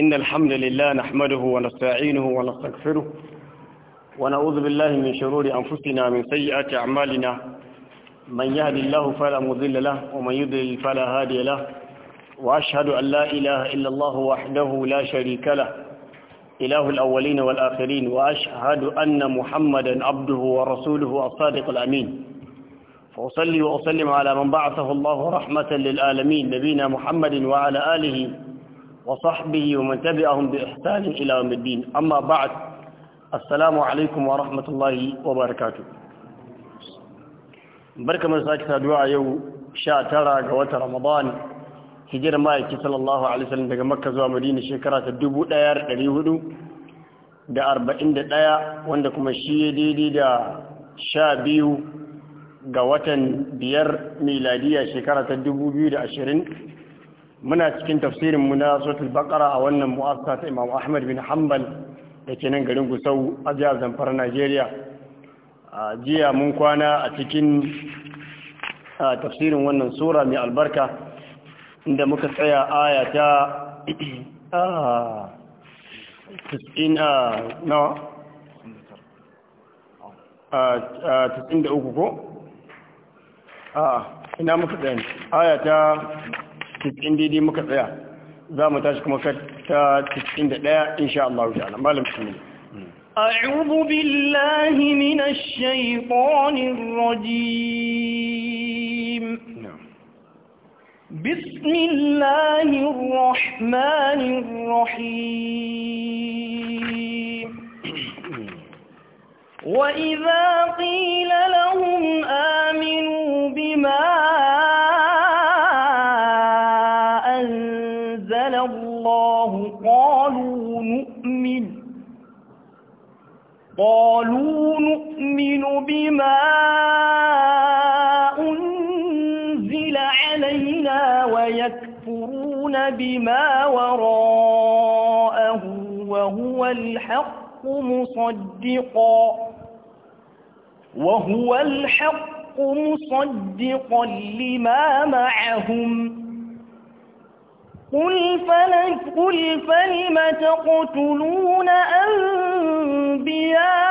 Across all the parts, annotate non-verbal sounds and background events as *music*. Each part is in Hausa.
إن الحمد لله نحمده ونستعينه ونستغفره ونعوذ بالله من شرور أنفسنا من سيئات أعمالنا من يهد الله فلا مضل له ومن يضلل فلا هادي له وأشهد أن لا إله إلا الله وحده لا شريك له إله الأولين والآخرين وأشهد أن محمدا عبده ورسوله الصادق الأمين فأصلي وأسلم على من بعثه الله رحمة للآلمين نبينا محمد وعلى آله وصحبه ومن تبعهم بإحسان إلى يوم الدين أما بعد السلام عليكم ورحمة الله وبركاته barka mai sake saduwa a yau sha tara ga watan ramadan hijirar ma'aiki sallallahu alaihi wasallam daga makka zuwa madina shekara ta dubu ɗaya da da arba'in da ɗaya wanda kuma shi da sha biyu ga watan biyar miladiya shekara ta da muna cikin tafsirin mu na suratul baqara a wannan mu'asa ta Imam Ahmad bin Hanbal da ke nan garin Gusau a jihar Zamfara Najeriya a jiya mun kwana a cikin tafsirin wannan sura mai albarka inda muka tsaya aya ta uku ko? ina muka tsaye aya ta cikin daidai muka tsaya za mu tashi kuma ta cikin da ɗaya insha Allah ta'ala malam bismillah أعوذ بالله من الشيطان الرجيم بسم الله الرحمن الرحيم وإذا بما أنزل علينا ويكفرون بما وراءه وهو الحق مصدقا وهو الحق مصدقا لما معهم قل فلم, قل فلم تقتلون أنبياء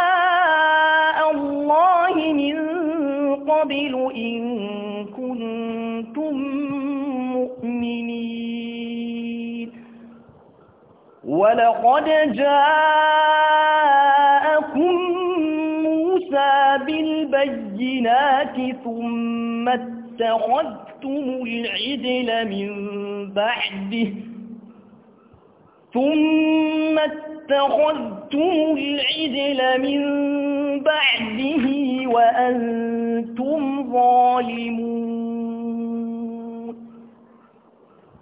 قبل إن كنتم مؤمنين ولقد جاءكم موسى بالبينات ثم اتخذتم العدل من بعده ثم اتخذتم العجل من بعده وأنتم ظالمون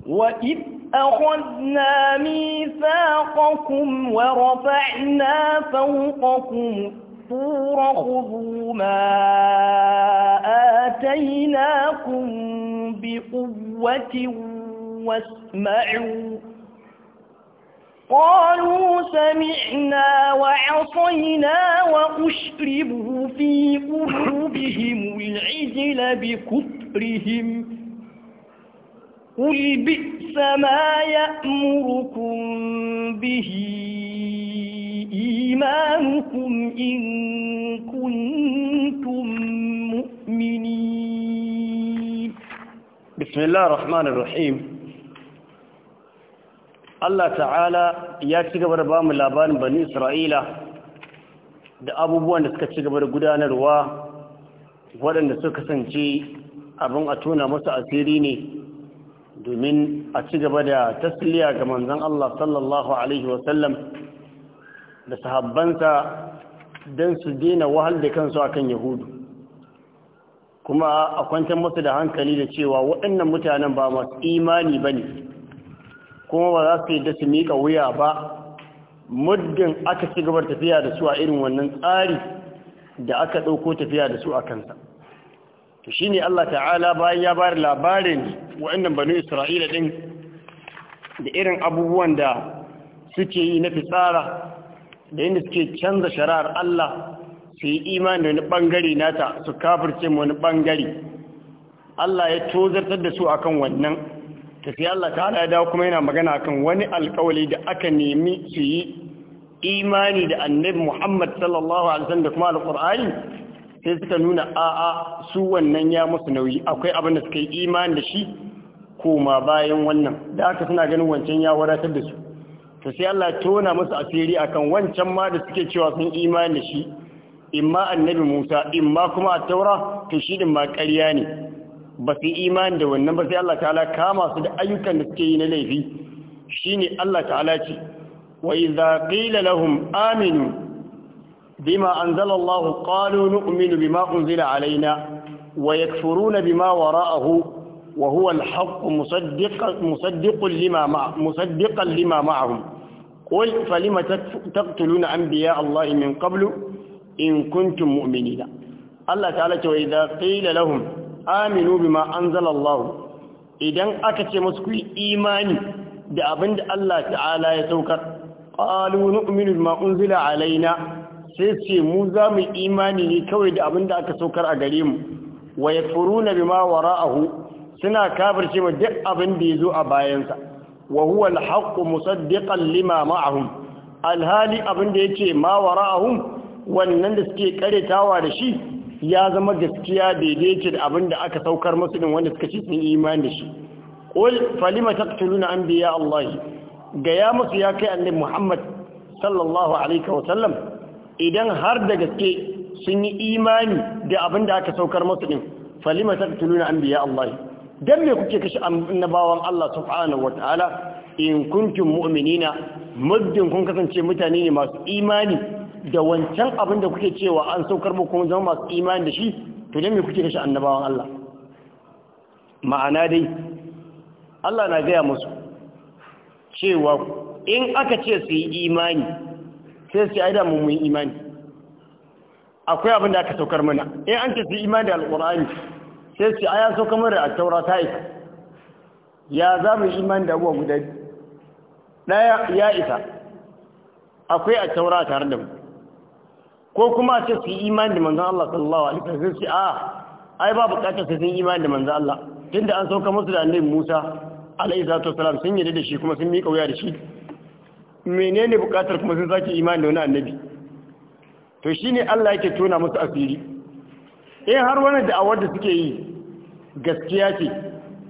وإذ أخذنا ميثاقكم ورفعنا فوقكم الطور خذوا ما آتيناكم بقوة واسمعوا قالوا سمعنا وعصينا وأشربوا في قلوبهم العجل بكفرهم قل بئس ما يأمركم به إيمانكم إن كنتم مؤمنين بسم الله الرحمن الرحيم Allah ta'ala ya ci gaba da ba mu labarin bani Isra'ila da abubuwan da suka ci gaba da gudanarwa waɗanda suka kasance abin a tona masu asiri ne domin a ci gaba da tasliya ga manzon Allah sallallahu Alaihi wasallam da sahabbansa don su daina wahal da kansu akan yahudu kuma a kwantar masu da hankali da cewa waɗannan mutanen ba masu imani ba ne kuma ba za su yi su miƙa wuya ba muddin aka ci gabar tafiya da su a irin wannan tsari da aka ɗauko tafiya da su a kansa to shi ne Allah ta'ala bayan ya bari labarin wa'annan banu isra'ila ɗin da irin abubuwan da suke yi na fitsara da yadda suke canza shari'ar Allah su yi imani da wani ɓangare nata su kafirce wani ɓangare Allah ya tozartar da su akan wannan tafiya Allah ta ya dawo kuma yana magana akan wani alkawali da aka nemi su yi imani da annabi Muhammad sallallahu alaihi wasallam da kuma alqur'ani sai suka nuna a'a su wannan ya musu nauyi akwai abin da suka yi imani da shi koma bayan wannan da aka suna ganin wancan ya wadatar da su to sai Allah tona musu asiri akan wancan ma da suke cewa sun imani da shi imma annabi Musa imma kuma a taura to shi din ma ƙarya ne ba su imani da wannan ba sai Allah ta'ala kama su da ayyukan da suke yi na laifi shi ne Allah ta'ala ce wa idza qila lahum aminu bima anzala Allah qalu umminu bima unzila alaina wa yakfuruna bima wara'ahu wa huwa al-haqq musaddiqan musaddiqan lima ma'a musaddiqan lima ma'ahum qul falima taqtuluna anbiya Allah min qablu in kuntum mu'minina Allah ta'ala ce wa idza qila lahum aminu bima anzalallahu idan aka ce musu ku imani da abinda Allah ta'ala ya saukar qalu nu'minu bima unzila alaina sai ce mu za mu imani ne kawai da abinda aka saukar a gare mu wa yakfuruna bima wara'ahu suna kafirce mu duk abinda yazo a bayansa wa huwa al-haqqu musaddiqan lima ma'ahum alhali abin da ma wara'ahum wannan da suke karetawa da shi ya zama gaskiya daidai ce da abin da aka saukar masu din wanda suka ce sun imani da shi qul falima taqtuluna anbiya Allah ga ya ya kai annabi Muhammad sallallahu alaihi wa sallam idan har da gaske sun yi imani da abin da aka saukar masu din falima taqtuluna anbiya Allah dan me kuke kashe annabawan Allah subhanahu wa ta'ala in kuntum mu'minina muddin kun kasance mutane ne masu imani da wancan abin da kuke cewa an saukar mu kuma zama masu imani da shi to ne kuke kashe annabawan Allah ma'ana dai Allah na gaya musu cewa in aka ce su yi imani sai su aida mu mun imani akwai abin da aka saukar mana in an ce su yi imani da alqur'ani sai su aya saukar mana a taurata yi. ya za mu imani da abuwa guda daya ya isa akwai a taura tare da mu ko kuma a ce su yi imani da manzan Allah sallallahu alaihi wasallam sai a ah, ai ba bukata su sun imani da manzan Allah tunda an sauka musu da annabi Musa alaihi salatu wasallam sun yarda da shi kuma sun miƙa wuya da shi menene bukatar kuma sun zaki imani da wani annabi to shine Allah yake tona musu asiri in har wani awar da suke yi gaskiya ce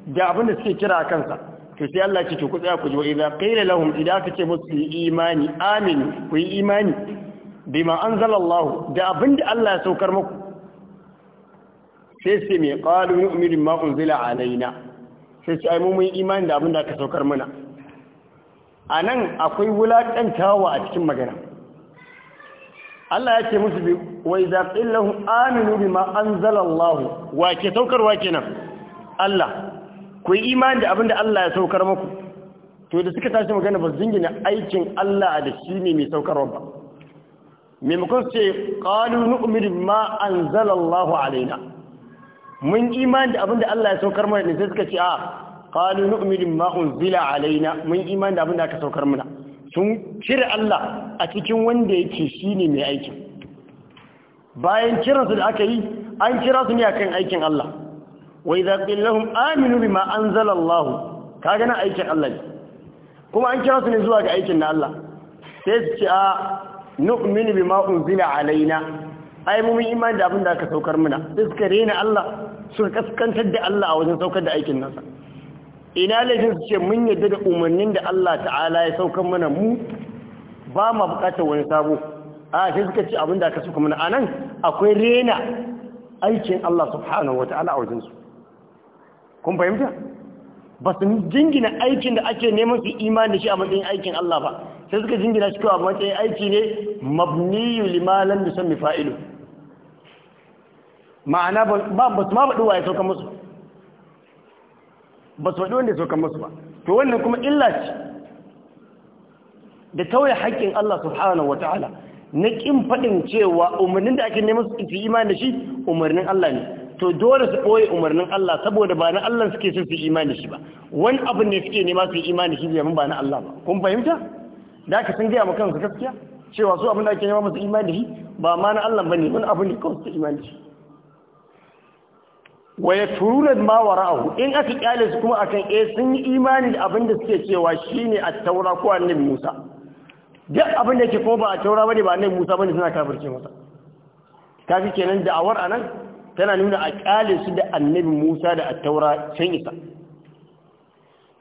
da abin da suke kira kansa to sai Allah ce to ku tsaya ku ji wa idza qila lahum idza kace musu imani amin ku yi imani bima anzalallahu da abinda Allah ya saukar muku sai sai mai qalu yu'minu ma unzila alaina sai sai mu mun imani da abinda aka saukar mana anan akwai wulakantawa a cikin magana Allah ya ce musu wa idza qila aminu bima anzalallahu wa ke saukarwa kenan Allah ku yi imani da abinda Allah ya saukar muku to da suka tashi magana ba zingina aikin Allah da shi ne mai saukarwa ba maimakon ce ƙalu nu'minu ma an anzalallahu alaina mun imani da abinda Allah ya saukar mana ne sai suka ce a ƙalu nu'minu ma unzila alaina mun imani da abinda aka saukar mana sun cire Allah a cikin wanda yake shi ne mai aikin bayan kiransu da aka yi an kira su ne kan aikin Allah wai idza qila lahum aminu an anzala Allah kaga na aikin Allah ne kuma an kira su ne zuwa ga aikin na Allah sai su ce a nu'minu bima unzila alaina ai mu min imani da abin da aka saukar muna sai suka rena Allah suka kaskantar da Allah a wajen saukar da aikin nasa ina laifin su ce mun yadda da umarnin da Allah ta'ala ya saukar mana mu ba ma bukatar wani sabo a sai suka ce abin da aka saukar mana anan akwai rena aikin Allah subhanahu wata'ala a wajen su kun fahimta ba su jingina aikin da ake neman su imani da shi a matsayin aikin Allah ba sai suka jingina shi kawai a matsayin aiki ne mabniyu limalan da san mifa'ilu ma'ana ba ba su ma faɗi wa ya sauka musu ba su faɗi wanda ya sauka musu ba to wannan kuma illa ce da tauye haƙƙin Allah subhanahu wata'ala na ƙin faɗin cewa umarnin da ake neman su imani da shi umarnin Allah ne to dole su ɓoye umarnin Allah saboda ba na Allah suke son su imani shi ba wani abu ne suke nema su imani shi domin ba na Allah ba kun fahimta da aka sun gaya ma kansu gaskiya cewa su abin da ake nema musu imani shi ba ma na Allah bane wani abu ne kawai su imani shi wa yaturuna ma wara'ahu in aka kyale su kuma akan eh sun yi imani da abin da suke cewa shine at-taura ko annabi Musa duk abin da yake ko ba a taura bane ba annabi Musa bane suna kafirce masa kafi kenan da'awar anan tana nuna a ƙyale su da annabi Musa da attaura can isa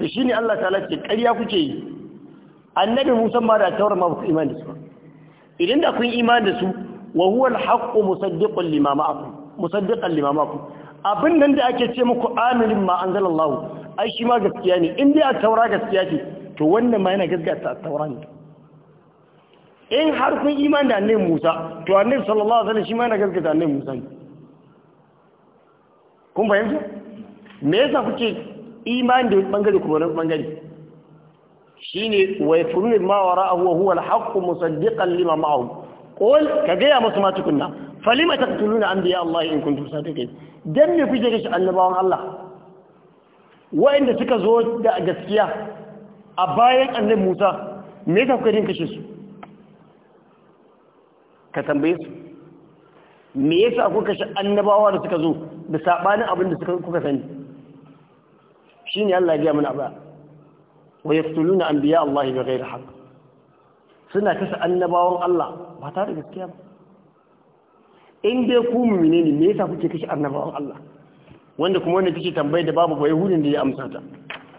shi ne Allah ta'ala ce ƙarya kuke yi annabi Musa ma da attaura ma ba ku imani da su idan da kun imani da su wa huwa al-haqqu musaddiqan lima ma'akum musaddiqan lima abin nan da ake ce muku amilin ma anzalallahu ai shi ma gaskiya ne in dai a taura gaskiya ce to wannan ma yana gaskata taura ne in har kun imani da annabi Musa to annabi sallallahu alaihi wasallam shi ma yana gaskata annabi Musa ne kun fahimta me yasa kuke imani da bangare kuma na bangare ne wa yafurun ma wara'ahu wa huwa al-haqqu musaddiqan lima ma'ahu qul ka gaya musu ma kunna falima taqtuluna anbiya Allah in kuntum sadiqin dan me kuke gashi annabawan Allah wa'inda suka zo da gaskiya a bayan annabi Musa me yasa kuka rinka kashe su ka tambaye su me yasa kuka kashe annabawa da suka zo da saɓanin abin da suka kuka sani ne Allah ya mana ba wa ya an biya Allah bi ghairi haqq suna kasa annabawan Allah ba tare da gaskiya ba in dai ku mu'mine ne me yasa kuke kashe annabawan Allah wanda kuma wanda take tambayar da babu ba yahudin da ya amsa ta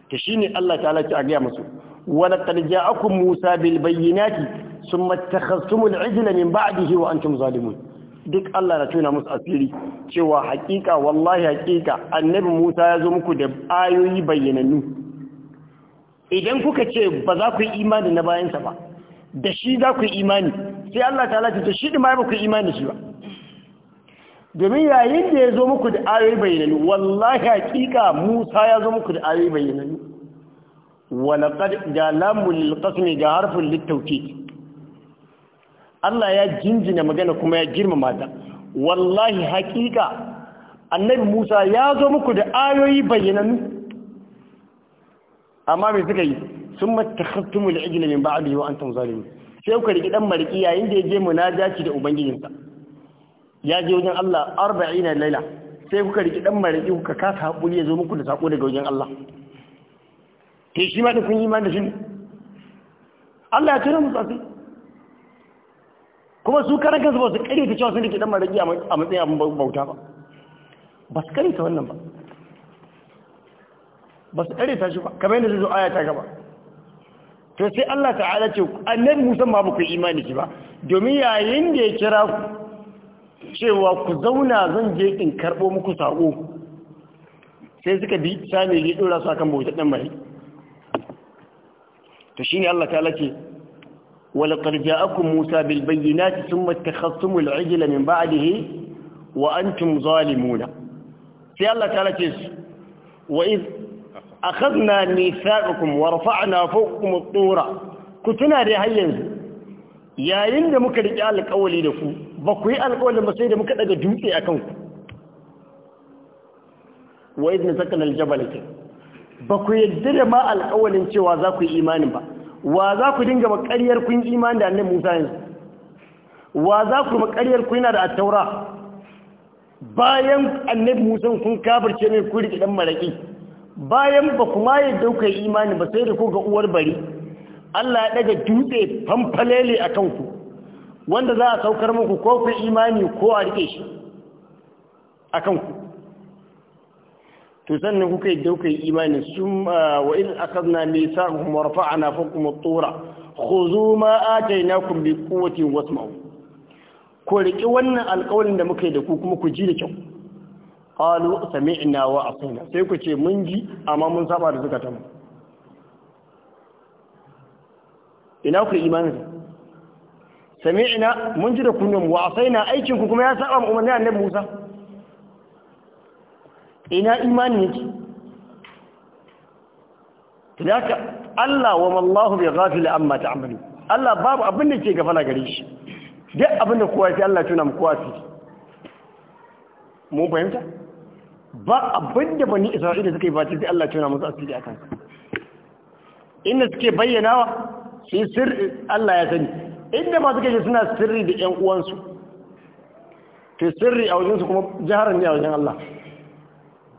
to shine Allah ta'ala ce a ga musu wa laqad ja'akum Musa bil bayyinati thumma attakhadhtum al-'ijla min ba'dihi wa antum zalimun duk Allah na tuna musu asiri cewa hakika wallahi hakika annabi Musa ya zo muku da ayoyi bayyanannu idan kuka ce ba za ku yi imani na bayansa ba da shi za ku yi imani sai Allah ta lati to shi ɗin ma ba ku yi imani shi ba domin yayin da ya zo muku da ayoyi bayyanannu wallahi hakika Musa ya zo muku da ayoyi bayyanannu wa laqad da lil qasmi ga harfin littawkid Allah ya jinjina magana kuma ya girma mata wallahi hakika annabi Musa ya zo muku da ayoyi bayanan amma me suka yi summa takhaftumul ijla min ba'dihi wa antum zalimun sai ku riki dan mariki yayin da yaje munajaci da ubangijinsa ya je wajen Allah 40 laila sai kuka riki dan mariki kuka kaka hakuri ya zo muku da sako daga wajen Allah ke eh, shi ma da kun yi ma da shi Allah ya kira mu tsasi kuma su karan kansu ba su kare ta cewa sun rike dan maraki a matsayin abin bauta ba ba su kare ta wannan ba ba su kare ta shi ba kamar yadda zo aya ta gaba to sai Allah ta'ala ce annabi Musa ma ba ku imani ki ba domin yayin da ya kira ku cewa ku zauna zan je in karbo muku sako sai suka bi sami ya dora su akan bautar dan mai to shine Allah ta'ala ce ولقد جاءكم موسى بالبينات ثم اتخذتم العجل من بعده وأنتم ظالمون في الله تعالى كيس وإذ أخذنا نيثاءكم ورفعنا فوقكم الطورة كتنا رهيا يا إن مكر جعلك أولي لكم بقوي الأول المسيد مكر أجد جمتي أكمكم وإذ نزكنا الجبل بقوي الدرماء الأول انتوا ذاكوا إيمان بك wa za ku dinga makariyar kun imani da annabi Musa yanzu wa za ku makariyar ku yana da attaura bayan annabi Musa kun kafirce ne ku rike dan maraki bayan ba kuma yadda ku imani ba sai da ku ga uwar bari Allah ya daga dutse fanfalele akan ku wanda za a saukar muku ko ku imani ko a rike shi akan ku to sannan kuka yi dauka yi imanin sun wa in akadna kuma wa rafa'na fawqakum at-tura khuzu ma atainakum bi quwwatin wasma'u ko riki wannan alƙawarin da muka yi da ku kuma ku ji da kyau qalu sami'na wa asina sai ku ce mun ji amma mun saba da mu. ina ku imanin sami'na mun ji da kunyan wa asaina aikin ku kuma ya saba umarni annabi Musa ina imani ne tunaka Allah wa mallahu bi ghafil amma ta'malu Allah babu abin da ke gafala gare shi duk abin da kowa ya Allah tuna mu kowa fi mu fahimta ba abin da bani Isra'ila suka yi ba sai Allah tuna musu asiri akan inda suke bayyanawa shi sirri Allah ya sani inda ma suke suna sirri da ƴan uwansu to sirri a wajen su kuma jaharan ne a wajen Allah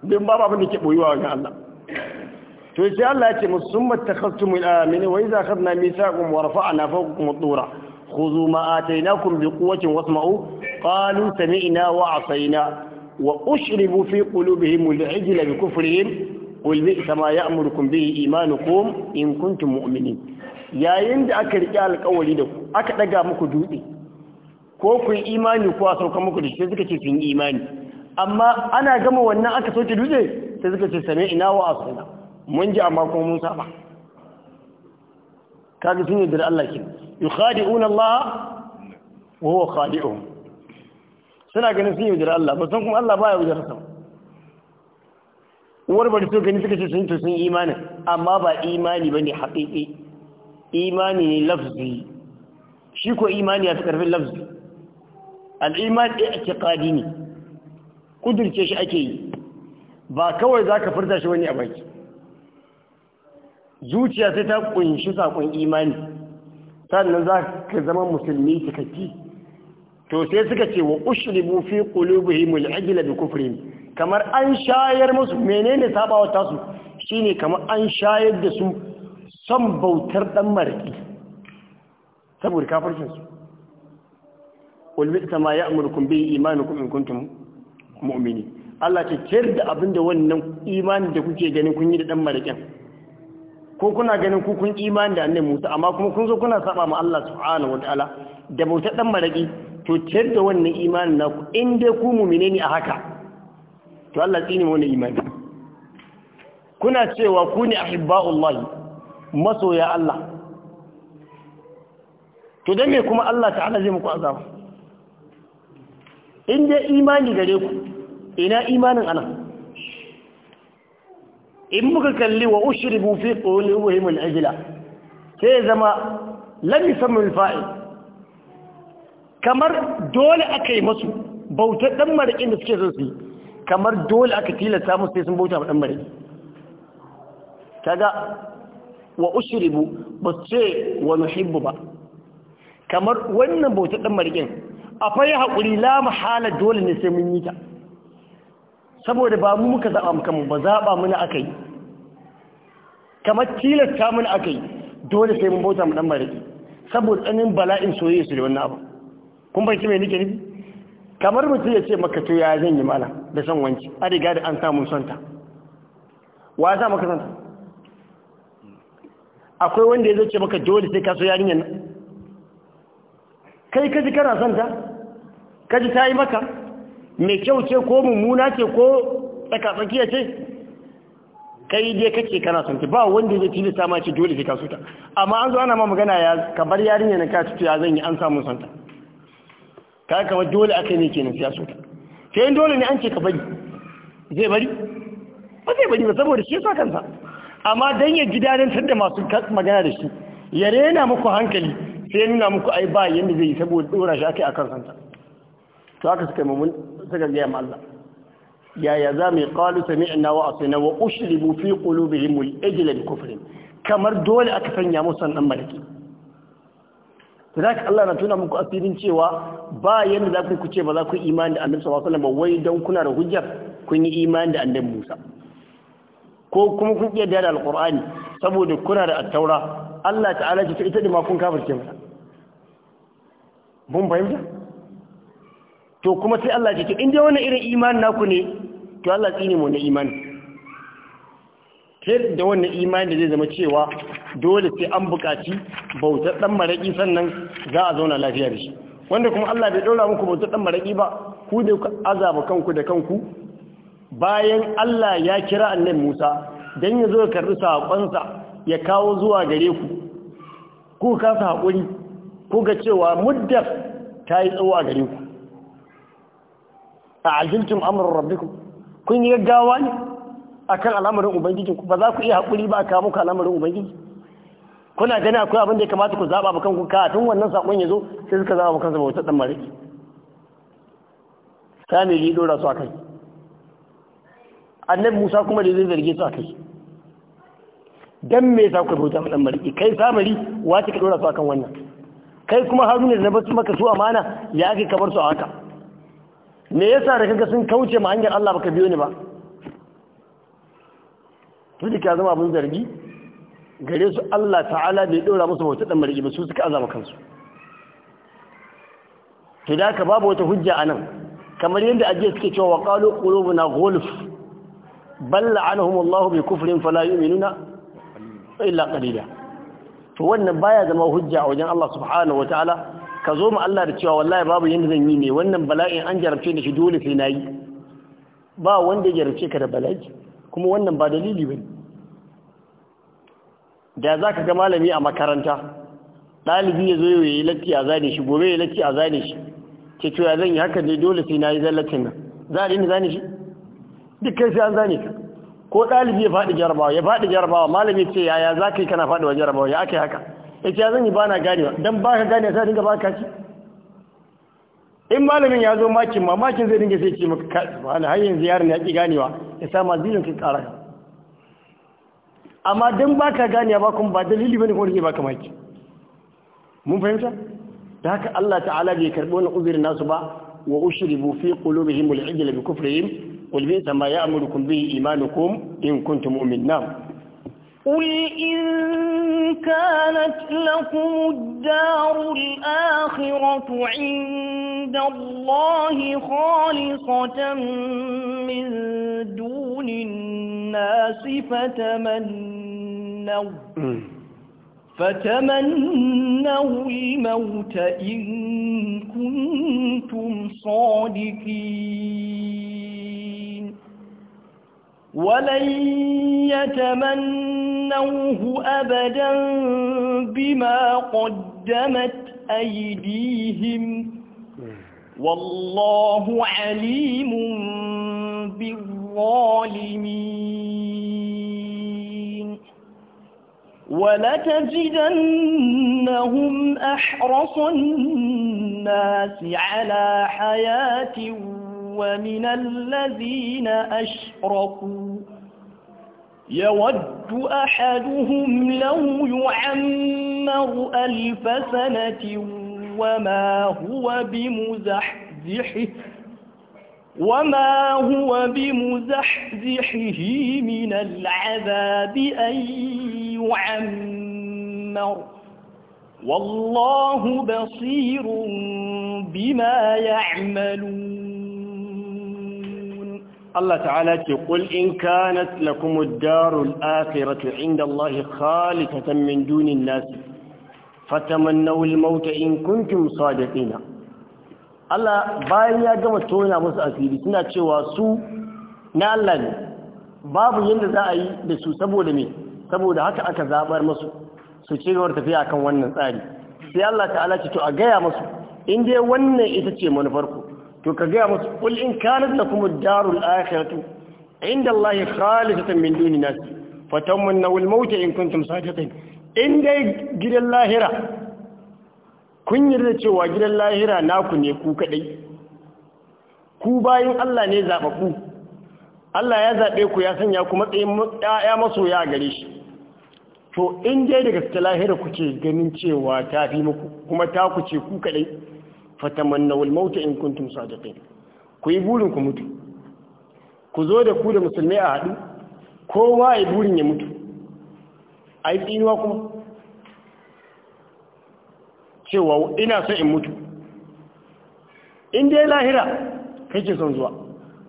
din babu abin da ke boyuwa wajen Allah to sai Allah ya ce musumma takhastum al-amin wa idza akhadna mithaqakum wa rafa'na fawqakum at-tura khudhu ma atainakum bi quwwatin wasma'u qalu sami'na wa 'asayna wa ushribu fi qulubihim al-'ijla bi kufrihim qul bi'sa ma ya'murukum bihi imanukum in kuntum mu'minin yayin da aka riƙe alƙawari da ku aka ɗaga muku dutse ko ku yi imani ko a sauka muku da shi suka ce sun yi imani amma ana gama wannan aka soke dutse sai suka ce same ina wa asuna mun ji amma kuma mun saba kaga sun yi da Allah ke yukhadi'un Allah wa huwa khadi'uhum suna ganin sun yi da Allah ba san kuma Allah baya wajen sa uwar bari so gani suka ce sun to sun imani amma ba imani bane haƙiƙi imani ne lafzi shi ko imani ya fi karfin lafzi al-iman i'tiqadi ne kudurce shi ake yi ba kawai za ka furta shi wani a baki zuciya sai ta kunshi sakon imani sannan za ka zama musulmi cikakki to sai suka ce wa ushribu fi qulubihimul ajla da kufurin kamar an shayar musu menene sabawa Shi ne kamar an shayar da su son bautar dan mariki saboda kafircin su qul bi kama ya'murukum imanin imanukum in kuntum mu'mini Allah ce ciyar da abin da wannan imanin da kuke ganin kun yi da dan maraƙin ko kuna ganin ku kun imani da annabi Musa amma kuma kun zo kuna saba ma Allah subhanahu ta'ala da bautar dan maraƙi to ciyar da wannan imanin na in dai ku mu'mine ne a haka to Allah tsini mu wannan imani kuna cewa ku ne ahibba'ullahi masoya Allah to dan me kuma Allah ta'ala zai muku azaba in dai imani gare ku ina imanin anan in muka kalli wa ushribu fi qulubihim al-ajla sai zama lam yusammi al-fa'il kamar dole akai masu bautar dan marakin da suke son su kamar dole aka tilasta musu sai sun bauta dan maraki kaga wa ushribu ba ce wa nuhibbu ba kamar wannan bautar dan marakin akwai haƙuri lamu halar dole ne sai mun yi ta saboda ba mu muka zaɓa kanmu ba zaɓa muna aka yi kamar tilasta muna aka yi dole sai mun bauta mu ɗan mariki saboda tsanin bala'in soyayya su da wannan abu kun ba ci mai nike ne kamar mutum ya ce maka to ya zan yi mala da son wanci a riga da an samun santa wa za maka sonta akwai wanda ya zo ce maka dole sai ka so yarinyar nan kai kaji kana son ta kaji ta yi maka mai kyau ce ko mummuna ce ko tsakatsakiya ce kai dai kake kana son ta ba wanda zai tilasta ma ce dole sai ka so ta amma an zo ana ma magana ya kamar yarinya na ka tutu ya zan yi an samu son ta kai kamar dole aka ne kenan sai ya so ta sai dole ne an ce ka bari zai bari ba zai bari ba saboda shi sa kansa amma dan ya ji dadin da masu magana da shi ya rena muku hankali sai ya nuna muku ai ba yadda zai yi saboda dora shi ake a kan santa to haka suka yi mamun suka gaya ma Allah yaya za mu yi sami sami'na wa asina wa ushribu fi qulubihim al-ajla da kufrin kamar dole aka sanya musu san dan malaki to zaka Allah na tuna muku asirin cewa ba yadda za ku ce ba za ku imani da annabta wasu alaihi wai don kuna da hujjar kun yi imani da annabta Musa ko kuma kun iya da Alqur'ani saboda kuna da attaura taura Allah ta'ala ce ita da makon kafirce mata mun fahimta to kuma sai Allah ya ce in dai wannan irin imani naku ne to Allah tsine mu na imani sai da wannan imani da zai zama cewa dole sai an bukaci bautar dan maraki sannan za a zauna lafiya da shi wanda kuma Allah bai ɗora muku bautar dan maraki ba ku da azaba kanku da kanku bayan Allah ya kira annabi Musa dan ya zo ka karbi sakonsa ya kawo zuwa gare ku ku kasa haƙuri ku ga cewa muddar ta yi tsawo a gare ku a ajiltun amurin rabbiku kun yi gaggawa ne a kan al'amarin ubangijinku ba za ku iya haƙuri ba a kawo muku al'amarin ubangiji kuna gani akwai abin da ya kamata ku zaɓa ba kanku tun wannan saƙon ya zo sai suka zaɓa ba kansa ba wata ɗan mariki samiri ɗora su a kai annabi musa kuma da zai zarge su a kai don me ya sa ku bauta ɗan mariki kai samari, wace ka dora su a kan wannan kai kuma haruna da basu maka su amana ya ake kamar su a haka me yasa da kaga sun kauce ma hanyar Allah baka biyo ni ba to dika zama abun zargi gare su Allah ta'ala bai dora musu bauta dan marigi ba su suka kansu to da ka babu wata hujja anan kamar yadda ajiye suke cewa wa qalu qulubuna ghulf bal la'anahum Allah bi kufrin fala yu'minuna illa qalila to wannan baya zama hujja a wajen Allah subhanahu wataala ka zo mu Allah da cewa wallahi babu yanda zan yi ne wannan bala'in an jarabce da shi dole sai nayi ba wanda ya jarabce ka da bala'i kuma wannan ba dalili bane da zaka ga malami a makaranta Dalibi ya zo yayi latti a zane shi gobe ya latti a zane shi Ke cewa zan yi haka ne dole sai nayi zallatin nan za a dinga zane shi duk kai sai an zane ka ko ɗalibi ya faɗi jarabawa ya faɗi jarabawa malami ce yaya za ka yi kana faɗi wa jarabawa ya ake haka ya ce zan yi ba na ganewa don ba ka gane sai dinga ba ka ci in malamin ya zo makin ma makin zai dinga sai ce maka ka subhana har yanzu yaron ya ki ganewa ya sa ma ka ƙara ka amma don ba ka ganewa ba kuma ba dalili bane kuma da ke ka maki mun fahimta da haka Allah ta'ala bai karɓi wani uzuri nasu ba wa ushribu fi qulubihim al-ijla bi kufrihim قل بئس ما يأمركم به إيمانكم إن كنتم مؤمنين نعم. قل إن كانت لكم الدار الآخرة عند الله خالصة من دون الناس فتمنوا فتمنوا الموت إن كنتم صادقين ولن يتمنوه أبدا بما قدمت أيديهم والله عليم بالظالمين ولتجدنهم أحرص الناس على حياة ومن الذين أشركوا يود أحدهم لو يعمر ألف سنة وما هو بمزحزحه وما هو بمزحزحه من العذاب أن يعمر والله بصير بما يعملون Allah ta'ala ce qul in kanat lakum ad-darul akhiratu 'inda Allah khalitatan min dunin nas fatamannaw al-maut in kuntum sadiqin Allah bayan ya gama tona musu asiri suna cewa su na Allah ne babu yanda za a yi da su saboda me saboda haka aka zabar musu su ci gaba tafiya akan wannan tsari sai Allah ta'ala ce to a gaya musu in dai wannan ita ce manufarku to ka gaya musu kul in kanat lakum ad-darul akhiratu inda Allah khalisatan min duni nas fatamannaw al-maut in kuntum sadiqin in dai gidan lahira kun yarda cewa gidan lahira naku ne ku kadai ku bayin Allah ne ku? Allah ya zaɓe ku ya sanya ku matsayin ya masoya gare shi to in dai daga gaske lahira kuke ganin cewa ta fi muku kuma ta ku ce ku kadai fatamannaw al in kuntum sadiqin ku yi burin ku mutu ku zo da ku da musulmai a haɗu kowa ya burin ya mutu a yi tsinuwa kuma cewa ina son in mutu in dai lahira kake son zuwa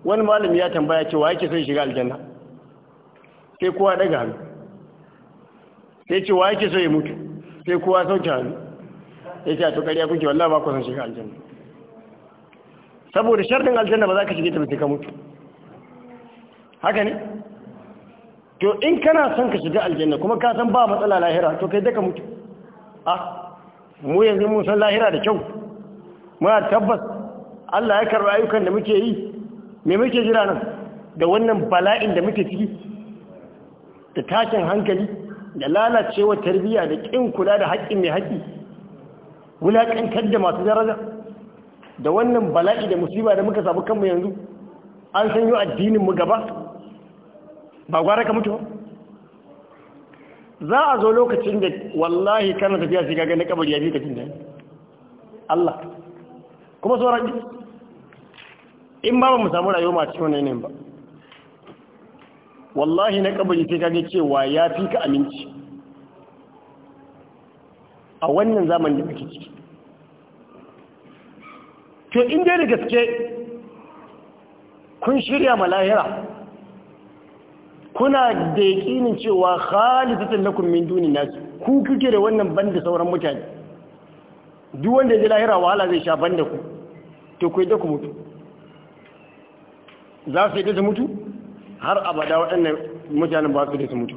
wani malami ya tambaya cewa yake son shiga aljanna sai kowa daga hannu sai cewa yake so ya mutu sai kowa sauke hannu ya ce a to kariya kuke wallah ba ku san shiga aljanna saboda sharɗin aljanna ba za ka shige ta ba sai ka mutu haka ne to in kana son ka shiga aljanna kuma ka san ba matsala lahira to kai daka mutu A mu yanzu mun san lahira da kyau muna tabbas Allah ya karɓi ayyukan da muke yi me muke jira nan da wannan bala'in da muke ciki da tashin hankali da lalacewar tarbiyya da ƙin kula da haƙƙin mai haƙƙi wulaƙankar da masu daraja da wannan bala'i da musiba da muka sabu kanmu yanzu an sanyo addininmu gaba ba gwara ka mutu za a zo lokacin da wallahi kanar tafiya shiga na kabari ya fi kacin da Allah kuma sauran in ba mu samu rayuwa masu wani yanayin ba wallahi na kabari sai kage cewa ya fi ka aminci a wannan zaman da muke ciki to in dai da gaske kun shirya malahira kuna da yakinin cewa khalidatan lakum min dunin nas ku kike da wannan banda sauran mutane duk wanda ya lahira wahala zai sha banda ku to ku yi ku mutu za su yi mutu har abada waɗannan mutanen ba su da su mutu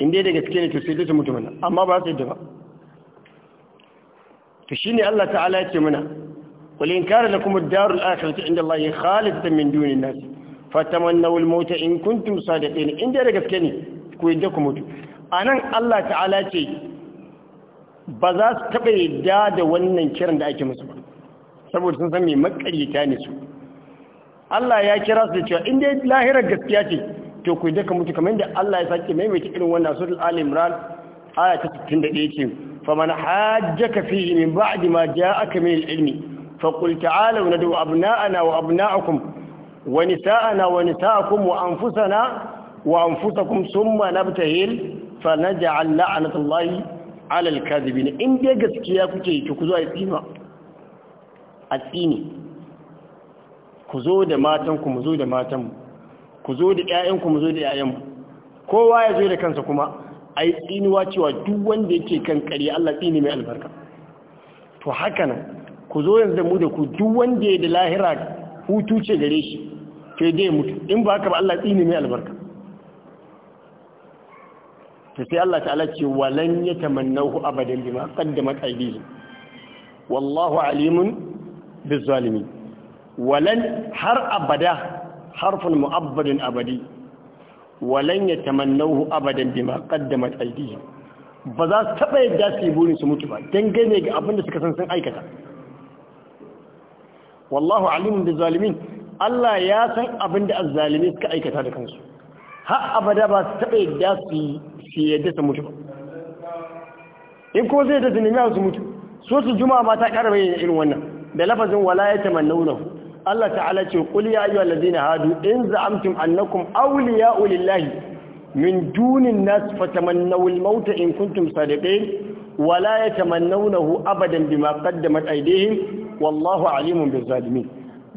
in dai cikin gaske ne to sai mutum ne mutu mana amma ba su yadda ba to shine Allah ta'ala ya ce mana qul in kana lakum ad-darul akhirati inda Allah khalidatan min duni nas fatamannaw al-maut in kuntum sadiqin in dai da gaske ne ku yadda ku mutu anan Allah ta'ala ce ba za su taba yadda da wannan kiran da ake musu ba saboda sun san me makaryata ne su Allah ya kira su da cewa in dai lahirar gaskiya ce to ku daka mutu kamar yadda Allah ya sake maimaita irin wannan suratul Ali Imran aya ta 61 ce faman hajjaka fihi min ba'di ma ja'aka min al-ilmi faqul ta'alu nadu abna'ana wa abna'akum wa nisa'ana wa nisa'akum wa anfusana wa anfusakum thumma nabtahil fanaj'al la'natullahi 'ala al-kadhibin in dai gaskiya kuke ki ku zo a tsima a tsini ku zo da matan ku mu zo da matan mu ku zo da 'ya'yanku mu zo da 'ya'yanmu kowa ya zo da kansa kuma ai tsinuwa cewa duk wanda yake kan ƙarya Allah tsini mai albarka to haka nan ku zo yanzu mu da ku duk wanda ya da lahira hutu ce gare shi to dai mutu in ba haka ba Allah tsini mai albarka to sai Allah ta'ala ce walan yatamannahu abadan bima qaddama aydihim wallahu alimun bizzalimin walan har abada حرف مؤبد abadi ولن ya tamannahu بما bima qaddamat aydihim ba za su taba yadda su yi mutu ba dangane ga abin da suka san sun aikata wallahu alimun bi zalimin Allah ya san abin da azzalimi suka aikata da kansu har abada ba su taba yadda su yi yadda su mutu in ko zai da su mutu so su juma'a ba ta irin wannan da lafazin wala Allah ta'ala ce qul ya ayyuhal ladina hadu in za'amtum annakum awliya'u lillahi min dunin nas fatamannaw al-maut in kuntum sadiqin wala yatamannawnahu abadan bima qaddamat aydihim wallahu alimun bil zalimin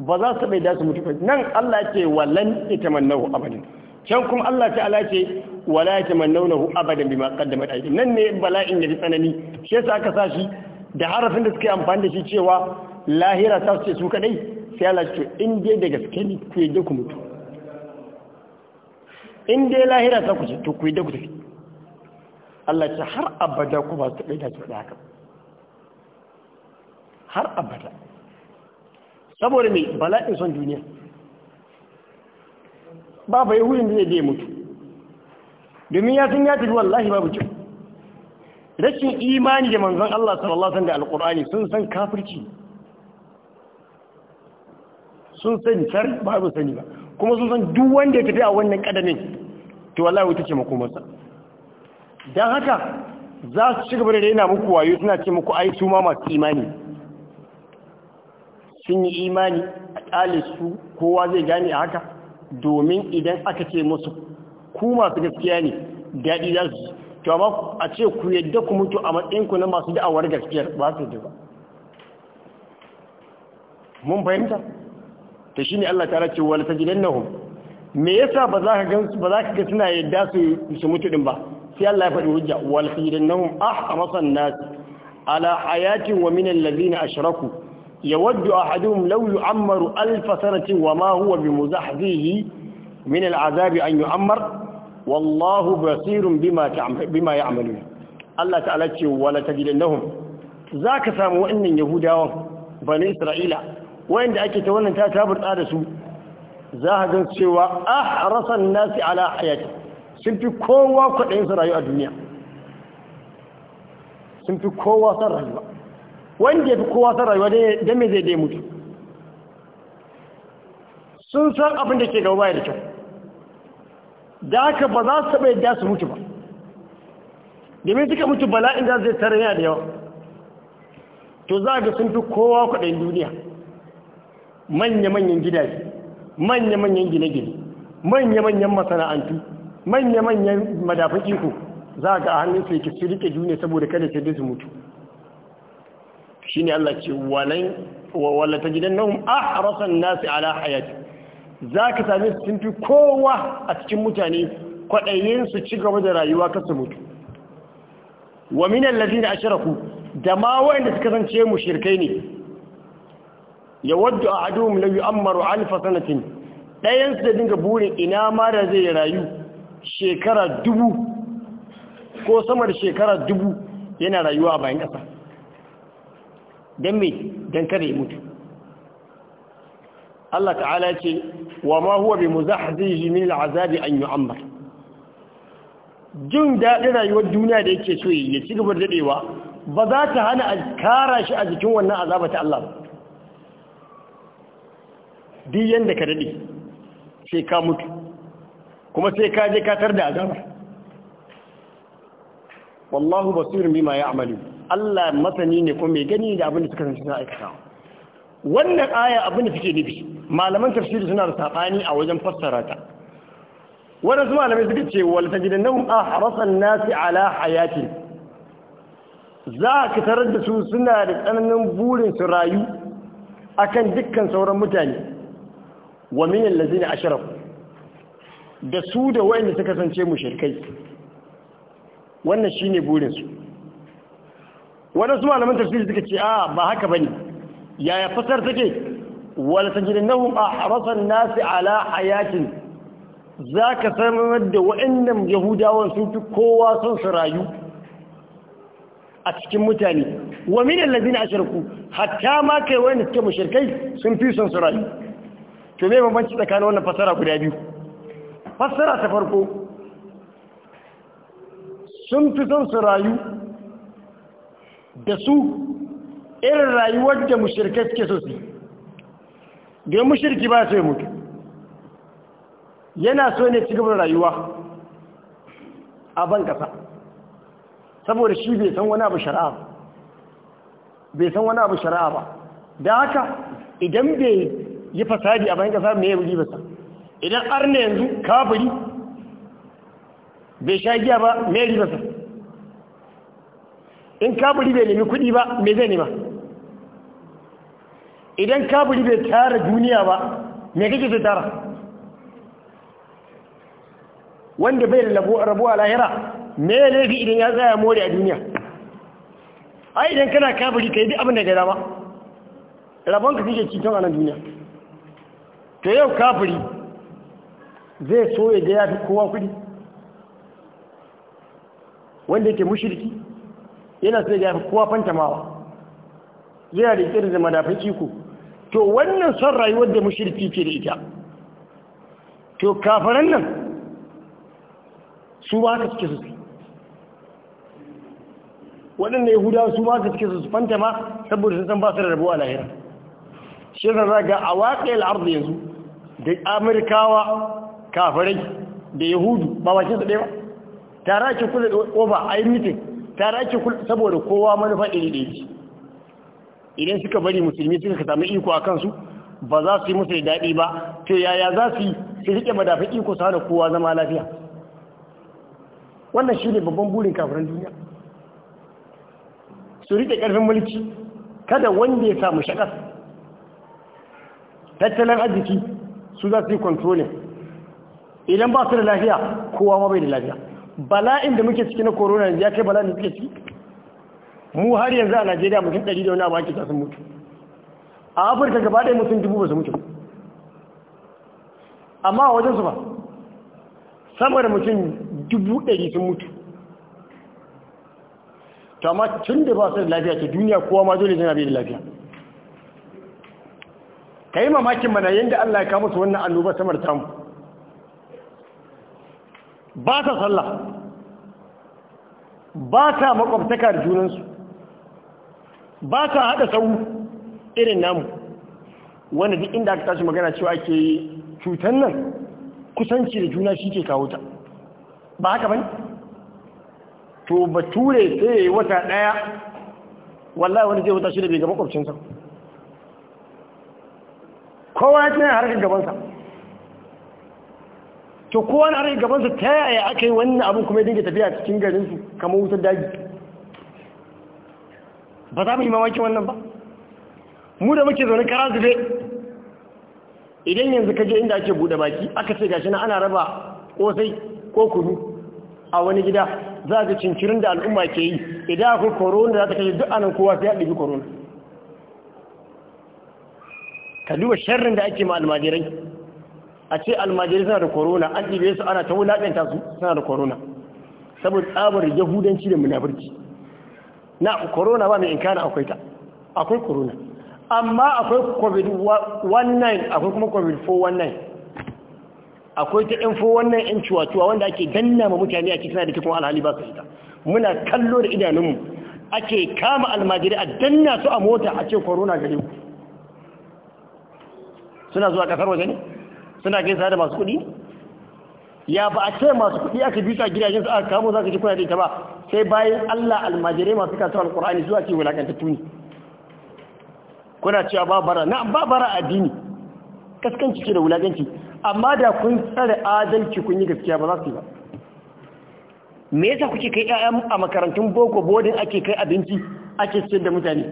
ba za su bai dasu mutu nan Allah ce walan yatamannahu abadan can kuma Allah ta'ala ce wala yatamannawnahu abadan bima qaddamat aydihim nan ne bala'in da tsanani shi yasa aka sa shi da harafin da suke amfani da shi cewa lahira ta ce su kadai sai Allah ce in dai da gaske ne ku yadda ku mutu in dai lahira ta ku ce to ku yadda ku tafi Allah ce har abada ku ba su ɗaya da su ɗaya haka har abada saboda mai bala'in son duniya ba babu yahudin da zai mutu domin ya sun ya tafi wallahi babu kyau rashin imani da manzon Allah sallallahu alaihi wasallam da alqur'ani sun san kafirci sun san car ba su sani ba kuma sun san duk wanda ya tafi a wannan kadamin to wallahi wuta ce makomarsa dan haka za su ci gaba da raina muku wayo suna ce muku ai su ma masu imani sun yi imani a ƙalis su kowa zai gane a haka domin idan aka ce musu ku masu gaskiya ne daɗi za su to amma a ce ku yadda ku mutu a matsayinku na masu da'awar gaskiyar ba su da ba mun fahimta to shine Allah ta ce wal tajidannahum me yasa ba za ka ga ba za ka ga suna yadda su su mutu din ba sai Allah ya faɗi hujja wal tajidannahum ahqamasan nas ala hayatin wa min alladhina ashraku yawaddu ahaduhum law yu'ammaru alf sanati wa ma huwa bimuzahzihi min al'azab an yu'ammar wallahu basirun bima ta'mal bima ya'malun Allah ta'ala ce wala tajidannahum ka samu wa'annan yahudawan bani isra'ila wayanda ake ta wannan ta taburta da su za a gan cewa ah, rasan nasi ala hayati sun fi kowa kwaɗayin su rayu a duniya sun fi kowa san rayuwa wanda ya fi kowa san rayuwa don me zai dai mutu sun san abin da ke gaba da kyau da haka ba za su taɓa yadda su mutu ba domin suka mutu bala'in da zai tara yana da yawa to za ga sun fi kowa kwaɗayin duniya manya-manyan gidaje manya-manyan gine-gine manya-manyan masana'antu manya-manyan madafin iko za ga a hannun sai su rike juniya saboda kada sai su mutu shi ne Allah ce wallata gidan nan a rasan nasi ala hayati za ka sami sun fi kowa a cikin mutane kwaɗayinsu ci gaba da rayuwa kasa mutu wa minan lafi da ashiraku da ma waɗanda suka zance mu shirkai ne ya wadda a aduhun layu ammaru alfa sanatin ɗayansu da dinga burin ina mara zai rayu shekara dubu ko sama da shekara dubu yana rayuwa a bayan ƙasa don me don kada ya mutu Allah ta'ala ce wa ma huwa bi muzahzihi min al'azabi an yu'ammar jin daɗin rayuwar duniya da yake so ya ci gaba da dadewa ba za ta hana a kara shi a jikin wannan azaba ta Allah ba duk yadda ka daɗe sai ka mutu kuma sai ka je katar da azaba wallahu basirin bima ya'malu Allah masani ne kuma mai gani da abin da suka sanci na aikata wannan aya abin da suke nufi malaman tafsiri suna da sabani a wajen fassara ta wannan su malamai suka ce wal tajidannahum ahrasan nasi ala hayatin za ka tarar da su suna da tsananin burin su rayu akan dukkan sauran mutane wa min allazina ashraku da su da wayanda suka kasance mushrikai wannan shi ne burinsu. wadansu malaman tafsiri suka ce a ah, ba haka ba ne, yaya fasar take wala tajidannahum ahrasan nas ala za ka sanar da wayannan yahudawan sun fi kowa son su rayu a cikin mutane wa minan min allazina ashraku hatta ma kai wayanda suke mushrikai sun fi son su rayu to me bambanci tsakanin wannan fassara guda biyu fassara ta farko sun fi son su rayu da su irin rayuwar da mushirkai suke so su da shirki ba su yi mutu yana so ne cigabar rayuwa a ban kasa saboda shi bai san wani abu shari'a bai san wani abu shari'a ba da haka idan bai yi fasadi a bayan kasa mai yi basa idan arna yanzu kafiri bai sha giya ba mai basa in kafiri bai nemi kuɗi ba mai zai nema idan kafiri bai tara duniya ba mai kake zai tara wanda bai da rabuwa lahira mai laifi idan ya tsaya more a duniya ai idan kana kafiri ka yi bi abin da gada ba rabon ka ke cikin a nan duniya to yau kafiri zai so ya ga ya fi kowa kudi wanda yake mushirki yana so ya fi kowa fantamawa zai ya irin da madafin iko to wannan son rayuwar da mushirki ke da ita to kafaran nan su ba ka suke su waɗanda yahudawa su ba ka suke su fantama saboda sun san ba su da rabuwa lahira shi zan zaga a waƙe al'arzu yanzu da amurkawa kafirai da yahudu ba bakin su ɗaya ba tare ake kula da oba a yi mitin tare ake kula saboda kowa manufa ɗaya ɗaya idan suka bari musulmi suka sami iko a kansu ba za su yi musu da daɗi ba to yaya za su yi su riƙe dafa iko su hana kowa zama lafiya wannan shi ne babban burin kafirin duniya su riƙe ƙarfin mulki kada wanda ya samu shakas tattalin arziki su za su yi controlling idan ba su da lafiya kowa ma bai da lafiya bala'in da muke ciki na corona yanzu ya kai bala'in da suke ciki mu har yanzu a najeriya mutum ɗari da wani abu ake sun mutu a afirka gaba ɗaya mutum dubu ba su mutu amma a wajen su ba sama da mutum dubu ɗari sun mutu to amma tun da ba su da lafiya ta duniya kowa ma dole zana bai da lafiya ka yi mamakin mana yadda Allah ya kama su wannan annoba ta tamu ba ta sallah ba ta makwabtaka da junansu ba ta haɗa sau irin namu wanda duk inda aka tashi magana cewa ke cutan nan kusanci da juna shi ke kawo ta ba haka bane to bature sai wata ɗaya wallahi wani zai wata shi da bai ga makwabcinsa kowa ya a harkar gabansa to kowa na harkar gabansa ta yaya aka yi wannan abin kuma ya dinga tafiya cikin garinsu kamar wutar daji ba za mu yi mamakin wannan ba mu da muke zaune kara zube idan yanzu kaje inda ake bude baki aka ce gashi na ana raba kosai ko kudu a wani gida za ga cincirin da al'umma ke yi idan akwai korona za ta kashe duk anan kowa sai ya ɗabi korona ka duba sharrin da ake ma almajirai a ce almajirai suna da korona an ɗibe su ana ta wulaƙanta su suna da korona saboda tsabar yahudanci da munafurci na korona ba mai inkana akwai ta akwai korona amma akwai covid-19 akwai kuma covid-419 akwai ta yan wannan yan ciwatuwa wanda ake danna ma mutane ake suna da cikin alhali ba su ita muna kallo da idanunmu ake kama almajirai a danna su a mota a ce korona gare ku suna zuwa kasar waje ne suna gaisa da masu kuɗi ya ba a ce masu kuɗi aka bi a gidajen su A kamo za ka ji kuna da ita ba sai bayan Allah almajirai masu kasuwa alƙur'ani zuwa ce wulaƙantattu ne kuna cewa ba na ba bara addini kaskanci ce da wulaƙanci amma da kun tsare adalci kun yi gaskiya ba za su yi ba me yasa kuke kai ƴaƴan a makarantun boko bodin ake kai abinci ake ciyar da mutane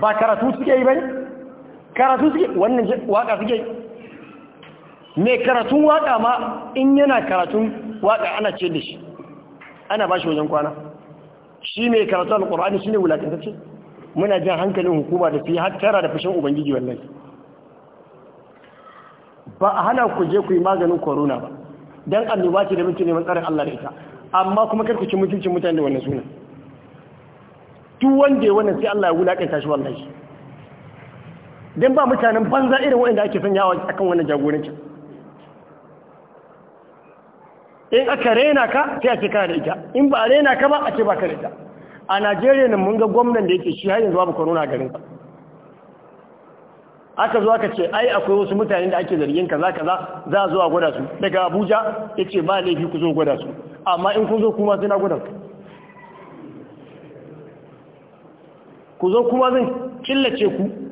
ba karatu suke yi ba ne karatu suke wannan waka suke mai karatun waka ma in yana karatun waka ana ce da shi ana ba shi wajen kwana shi mai karatu alkur'ani shi ne wulatantacce muna jan hankalin hukuma da fi hattara da fushin ubangiji wannan ba a hana ku je ku yi maganin corona ba don annoba ce da muke neman tsarin Allah da ita amma kuma karku ci mutuncin mutane da wannan suna duk wanda ya wannan sai Allah ya wulakanta shi wallahi don ba mutanen banza irin waɗanda ake yawon a kan wannan jagoranci. in aka rena ka sai a ce kana da ita in ba a rena ka ba a ce ba ka da ita a najeriya nan mun ga gwamnan da yake shi har yanzu babu korona garin ka aka zo aka ce ai akwai wasu mutane da ake zargin kaza kaza za a zo a gwada su daga abuja ya ce ba laifi ku zo gwada su amma in kun zo kuma sai na gwada ku ku zo kuma zan killace ku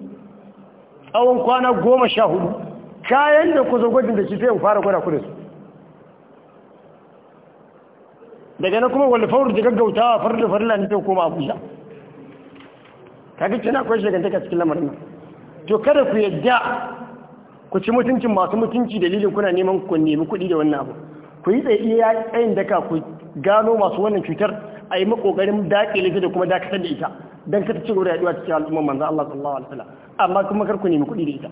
tsawon kwana goma sha hudu kayan da ku da shi sai fara gwada ku da su daga na kuma faru da faru da faru ne nufin koma abuja kaga kwa shi shagantaka cikin lamarin nan to kada ku yadda ku ci mutuncin masu mutunci dalilin kuna neman ku nemi kuɗi da wannan abu ku yi tsaye iya tsayin daka ku gano masu wannan cutar a yi makogarin daƙe lafi da kuma dakatar da ita don kata ta ci gaba da yaduwa cikin al'umma manzan Allah sallallahu alaihi wasallam amma kuma kar ku nemi kuɗi da ita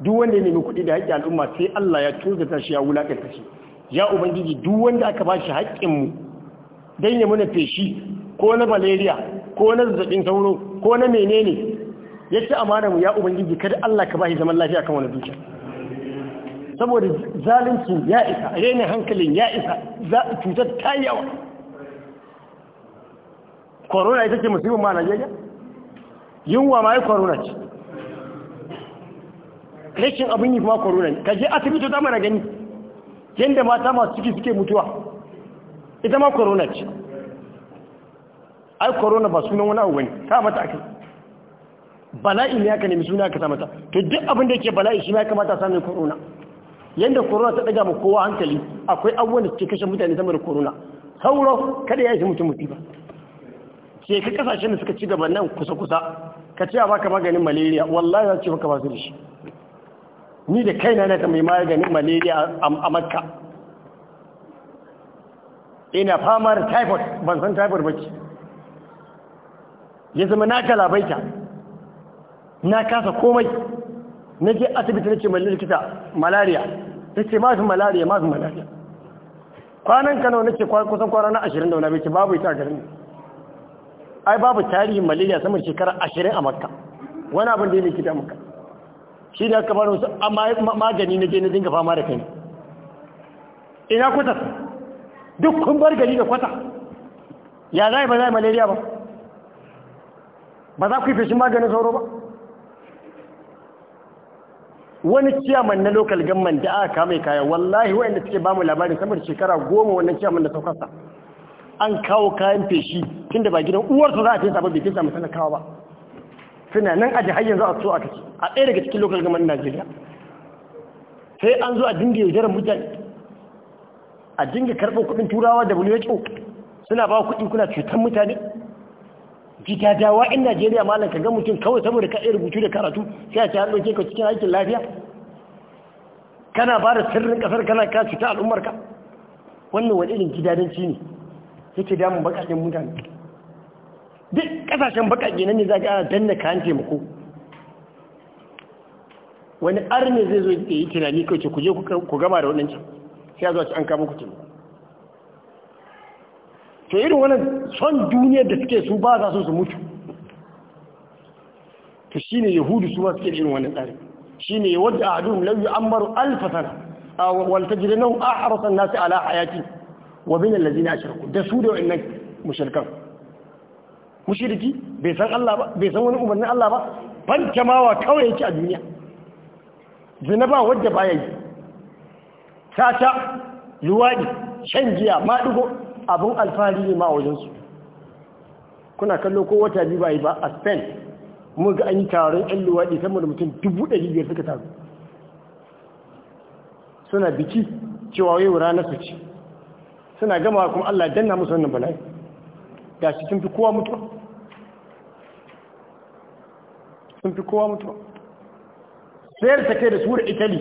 duk wanda ya nemi kuɗi da haƙƙin al'umma sai Allah ya ta shi ya wulakanta shi ya ubangiji duk wanda aka ba shi haƙƙin mu dan ya muna feshi ko na malaria ko na zazzabin sauro ko na menene ya ci amana mu ya ubangiji kada Allah ka ba shi zaman lafiya kan wani dukiya saboda zalunci ya isa renin hankalin ya isa cutar ta yawa corona ita ce musulmin ma a najeriya yunwa ma yi corona ce rashin abin yi kuma corona ne ka je asibiti ta mana gani yadda mata masu ciki suke mutuwa ita ma corona ce ai corona ba sunan wani abu bane ta mata aka bala'i ne aka nemi suna aka sa mata to duk abin da yake bala'i shi ma ya kamata a samun corona yadda corona ta daga ma kowa hankali akwai abubuwan da suke kashe mutane sama da corona sauro kada ya yi mutum mutu ba ce ka kasashen da suka ci gaba nan kusa-kusa ka ce a baka maganin malaria wallahi za ce baka ba su dashi ni da kaina na ka mai maganin malaria a makka ina famar typhoid ban san typhoid ba ce ya zama na kalabaita na kasa komai na je asibiti na ce mai likita malaria ta ce masu malaria masu malaria kwanan kano na ce kusan kwana na ashirin da wani bai ce babu ita a garin ai babu tarihin malaria sama shekara ashirin a makka wani abin da ya likita muka shi da aka fara wasu magani na je na dinga fama da kai ina kwata duk kun bar gari da kwata ya za ba za yi malaria ba ba za ku yi feshin maganin sauro ba wani ciyaman na lokal gamman da aka kame kaya wallahi wa'anda suke ba mu labarin saboda shekara goma wannan ciyaman da saukarsa an kawo kayan feshi tunda ba gidan uwarsa za a ba sabon bikin samu talakawa ba suna nan a jihar yanzu a so a ce a ɗaya daga cikin lokacin gaman najeriya sai an zo a dinga yaudarar mutane a dinga karɓar kuɗin turawa da who suna ba kuɗi kuna cutar mutane jidadawa in najeriya malam ka ga mutum kawai saboda ka iya rubutu da karatu sai a ce an ɗauke ka cikin aikin lafiya kana ba da sirrin ƙasar kana ka cuta al'ummarka wannan wani irin gidadanci ne yake damun baƙaƙen mutane duk kasashen bakaƙi nan ne za ka danna kayan taimako wani arne zai zo yi tunani kai ce ku je ku gama da waɗancan sai ya zuwa ci an kama ku taimako to irin wannan son duniyar da suke su ba za su su mutu to shine yahudu su ma suke irin wannan tsari shine wadda ahadum law a walta jire nan a ahrasan nasu ala hayati wa min a shirku da su da nan mushrikan mushiriki bai san Allah ba bai san wani umarnin Allah ba Ban fankamawa kawai yake a duniya zina ba wadda baya yi Tata luwadi shan giya maɗigo abin alfahari ne ma a wajensu kuna kallo ko wata biyu ba yi ba a spain mun ga an yi taron yan Luwadi sama mutum dubu ɗari suka taru suna biki cewa yau wura su ci suna gama kuma allah danna musu wannan bala'i ga shi sun fi kowa mutuwa sun fi kowa mutuwa sai ta take da suwar italy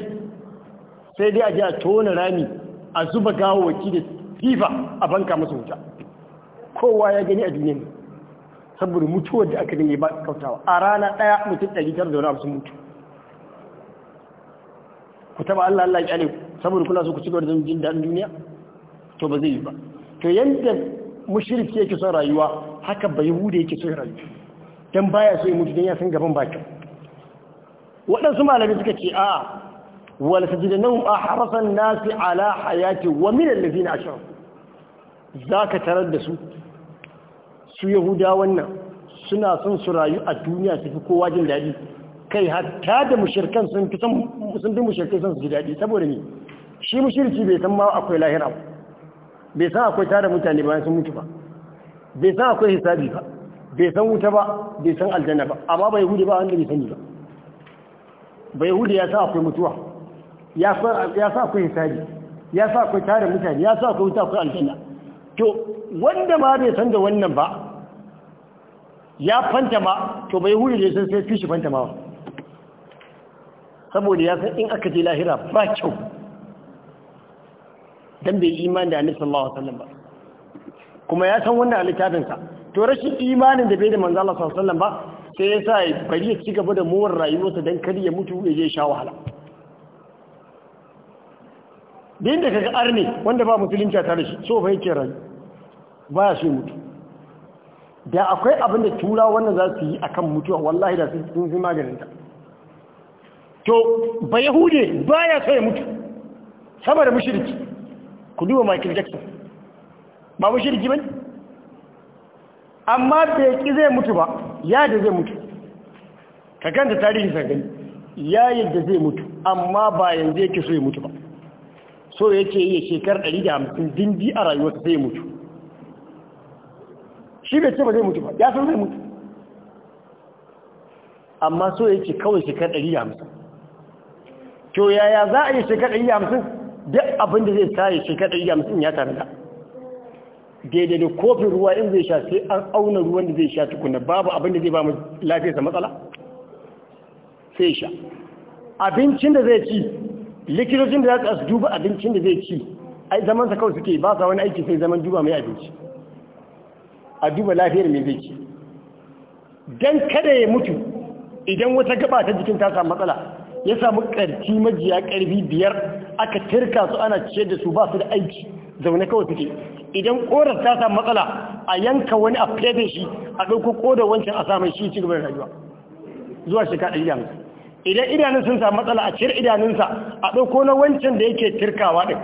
sai dai a ji a tona rami a zuba gawawaki da fifa a banka masu wuta kowa ya gani a duniya saboda mutuwar da aka ne ba kautawa a rana ɗaya mutum ɗari tara da wani mutu ku taba Allah Allah ya ne saboda kula su ku ci gaba jin daɗin duniya to ba zai yi ba to yadda mushirki yake son rayuwa haka bai da yake son rayuwa don baya so ya mutu don ya gaban bakin waɗansu malami suka ce a wal a ahrasan nasi ala hayati wa na ashirin. Za ka tarar da su su yahuda wannan suna son su rayu a duniya su fi kowa jin daɗi kai hatta da mushirkan sun fi sun fi mushirkan sun ji daɗi saboda ni shi mushirci bai san ma akwai lahira ba bai san akwai tare mutane bayan sun mutu ba bai san akwai hisabi ba bai san wuta ba bai san aljanna ba amma bai hudu ba wanda bai sani ba bai hudu ya sa akwai mutuwa ya sa akwai hisari ya sa akwai tare mutane ya sa akwai wuta akwai aljanna to wanda ma bai san da wannan ba ya fanta ma to bai hudu san sai fi shi fanta ma ba saboda ya san in aka je lahira ba kyau dan bai iman da annabi sallallahu alaihi wasallam ba kuma ya san wanda a littafinsa to rashin imanin da bai da Manzala sallallahu ba sai ya sa bari ya ci gaba da muwar rayuwarsa dan kar ya mutu ya je sha wahala din da kaga arne wanda ba musulunci tare shi so fa yake rayu ba ya shi mutu da akwai abin da tura wannan za su yi akan mutuwa wallahi da sun sun maganin ta to ba yahude baya so ya mutu saboda mushriki ku duba Michael Jackson ba mu shirki bane amma bai ki zai mutu ba ya da zai mutu ka ganta tarihi sa gani ya yadda zai mutu amma ba yanzu yake so ya mutu ba so yake yi shekar 150 dindi a rayuwarsa zai mutu shi bai ce ba zai mutu ba ya san zai mutu amma so yake kawai shekar 150 to yaya za a yi shekar 150 duk abin da zai sa ya shekar 150 ya tarada da daidai da kofin ruwa in zai sha sai an auna ruwan da zai sha tukuna babu abin da zai ba mu lafiyarsa matsala sai sha abincin da zai ci likitocin da za su duba abincin da zai ci ai zamansa kawai suke ba sa wani aiki sai zaman duba mai abinci a duba lafiyar mai zai ci don kada ya mutu idan wata gaba ta jikin ta samu matsala ya samu ƙarfi majiya ƙarfi biyar aka tirka su ana ciyar da su ba su da aiki zaune kawai suke idan kodar ta samu matsala a yanka wani a fefe shi a ɗauko kodar wancan a samun shi ci gaba da rayuwa zuwa shekara ɗari yanzu idan idanun sun samu matsala a cire idanunsa a ɗauko na wancan da yake tirkawa ɗin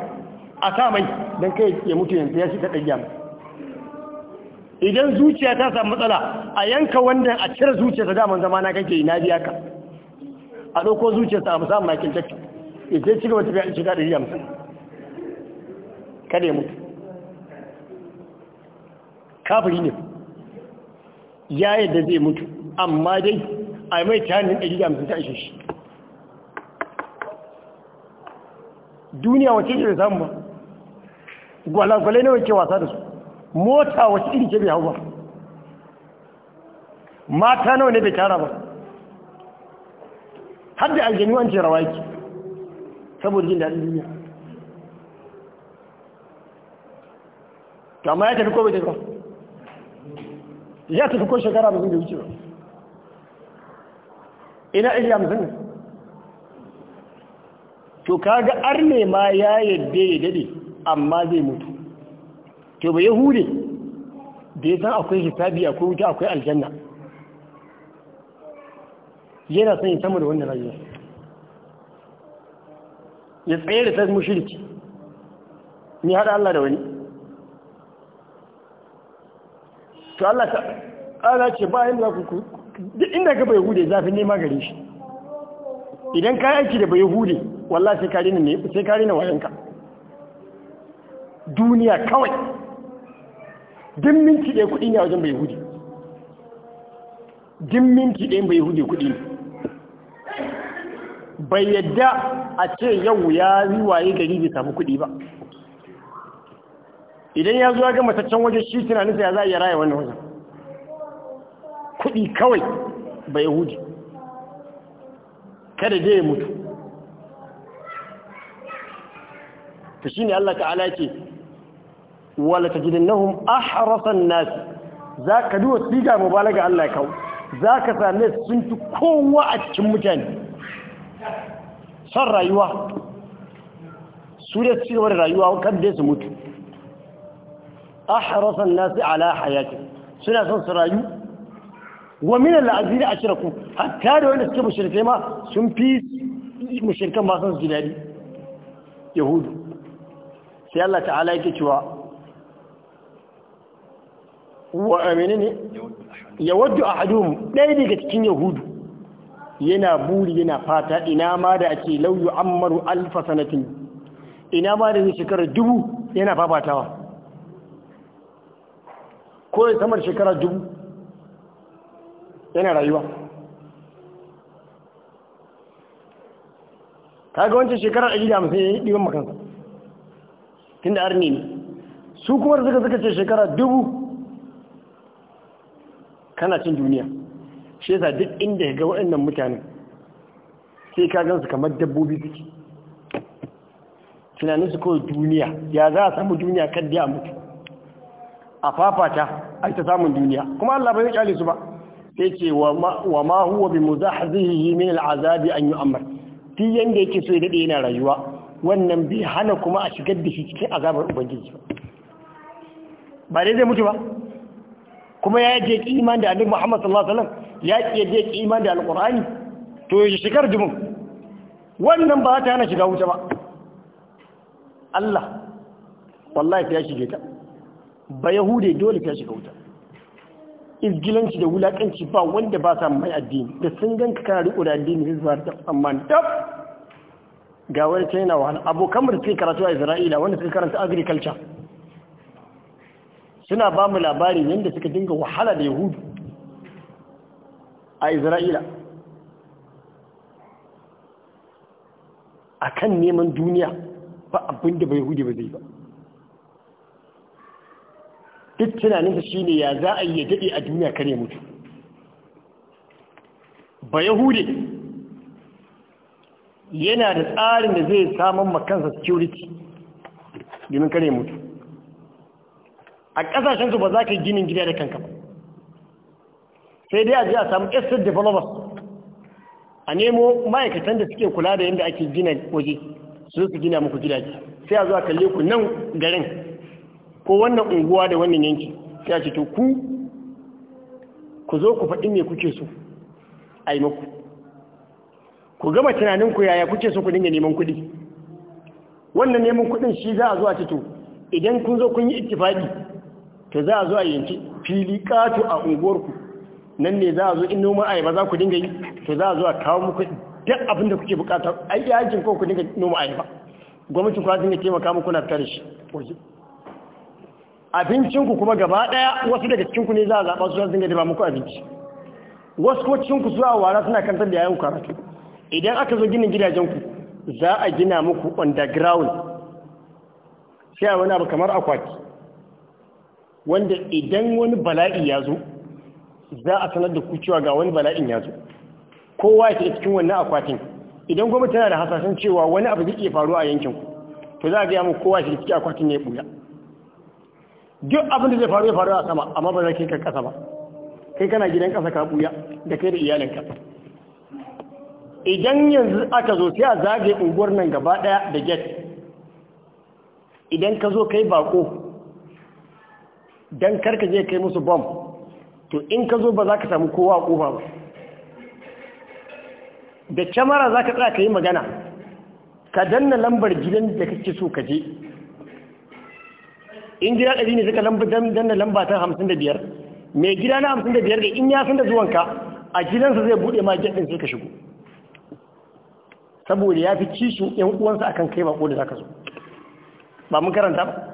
a samai don kai ya mutu yanzu ya shiga ɗari yanzu idan zuciya ta samu matsala a yanka wanda a cire zuciyarsa daman zama na kake yi na biya ka a ɗauko zuciyarsa a musamman makin jakki. ya ce ci gaba tafiya shekara ɗari yanzu kada ya mutu kafiri ne ya yadda zai mutu amma dai a mai tanin 150 ta ishe shi duniya wace ce da samu ba gwalagwale nawa ke wasa da su mota wace iri ke bai hau ba mata nawa ne bai tara ba har da aljanu an ce rawa yake saboda jin daɗin duniya to amma ya tafi ko bai tafi ba ya tafi ko shekara hamsin da wuce ba ina ɗari mutum ne to kaga arne ma ya yadda ya dade amma zai mutu to ba yahude da ya san akwai hisabi akwai wuta akwai aljanna yana son ya samu da wannan rayuwa ya tsaye da ta mushirki ni haɗa Allah da wani to Allah ta ala ce ba yin ku duk inda ka bai hude zafi nema gare shi idan ka aiki da bai hude walla sai kare ne sai kare ne wayanka duniya kawai din minti ɗaya kuɗi ne a wajen bai hude din minti ɗaya bai hude kuɗi ne bai yadda a ce yau ya yi waye gari bai samu kuɗi ba idan ya zo ya gama waje shi tunanin sai ya za a yi raya wannan wajen kuɗi kawai ba yahudi kada dai ya mutu to shine Allah ta'ala ce wala tajidannahum ahrasan nas zaka duwa siga mubalaga Allah kawo zaka same su sun fi kowa a cikin mutane san rayuwa su da su da rayuwa kan da su mutu ahrasan nas ala hayati suna son su rayu wa min al'azina ashraku hatta da wanda suke mushrikai ma sun fi mushrikan ma san su yahudu sai Allah ta'ala yake cewa wa amini ne yawaddu ahaduhum ɗaya daga cikin yahudu yana buri yana fata ina ma da ake lauyu ammaru alfa sanatin ina ma da zai shekarar dubu yana fafatawa ko ya samar shekarar dubu yana rayuwa kaga wancan shekarar a gida musamman ya yi ɗiban makansa tun da arni ne su kuma da suka suka ce shekara dubu kana cin duniya shi yasa duk inda ya ga waɗannan mutanen sai ka gansu kamar dabbobi suke su kawai duniya ya za a samu duniya kan kaddiya mutu a fafata a ta samun duniya kuma allah bai kyale su ba sai ce wa ma huwa bi muzahzihi min al'azabi an yu'ammar ti yanda yake so ya dade yana rayuwa wannan bi hana kuma a shigar da shi cikin azabar ubangiji ba ba dai zai mutu ba kuma ya je iman da annabi Muhammad sallallahu alaihi wasallam ya je iman da alqur'ani to ya shigar dumin wannan ba ta hana shiga wuta ba Allah wallahi ta shige ta ba yahude dole ta shiga wuta izgilanci da wulakanci ba wanda ba sa mai addini da sun ganka kana riko da addini sai zuwa ta amma tab ga wani ta yana wahala abokan da suke karatu a isra'ila wanda suka karanta agriculture suna ba mu labarin yadda suka dinga wahala da yahudu a isra'ila a kan neman duniya ba abinda bai yahudu ba zai ba duk tunaninsa shi ne ya za a yi ya daɗe a duniya kare mutu ba yahudi yana da tsarin da zai samun makansa security domin kare mutu a ƙasashensu ba za ka yi ginin gida da kanka sai dai a je a samu estate developers a nemo ma'aikatan da suke kula da yadda ake gina waje su su gina muku gidaje sai a zuwa kalle ku nan garin ko wannan unguwa da wannan yanki sai a ce to ku ku zo ku faɗi me kuke so a yi maku? ku gama tunanin ku yaya kuke so ku dinga neman kuɗi wannan neman kuɗin shi za a zo a ce to idan kun zo kun yi ittifaqi to za a zo a yanki fili ƙato a unguwarku nan ne za a zo in noman ayaba za ku dinga yi to za a zo a kawo muku duk abin da kuke bukata ai yakin ko ku dinga noma ayaba gwamnati ku dinga taimaka muku na fita da shi abincinku kuma gaba daya wasu daga cikinku ne za a zaɓa su za su dama muku abinci wasu kuma cikinku su a wara suna kantar da yayin karatu idan aka zo ginin gidajenku za a gina muku underground sai a wani abu kamar akwati wanda idan wani bala'i ya zo za a sanar da ku cewa ga wani bala'in ya zo kowa ya ke cikin wannan akwatin idan gwamnati tana da hasashen cewa wani abu zai iya faruwa a yankinku to za a gaya mu kowa ya ke cikin akwatin ya buya duk abin da zai faru ya faru a sama amma ba za ka kasa ba kai kana gidan kasa ka buya da kai da iyalinka idan yanzu aka zo sai a zage unguwar nan gaba daya da get idan ka zo kai bako dan karka je kai musu bomb to in ka zo ba za ka samu kowa a kofa ba da kyamara za ka tsaya ka yi magana ka danna lambar gidan da kake so ka je in gida ɗari ne suka danna lamba ta hamsin da biyar mai gida na hamsin da biyar da in ya san da zuwanka a gidansa zai buɗe ma gyaɗin sai ka shigo saboda ya fi kishin ‘yan uwansa akan kai bako da zaka zo ba mun karanta ba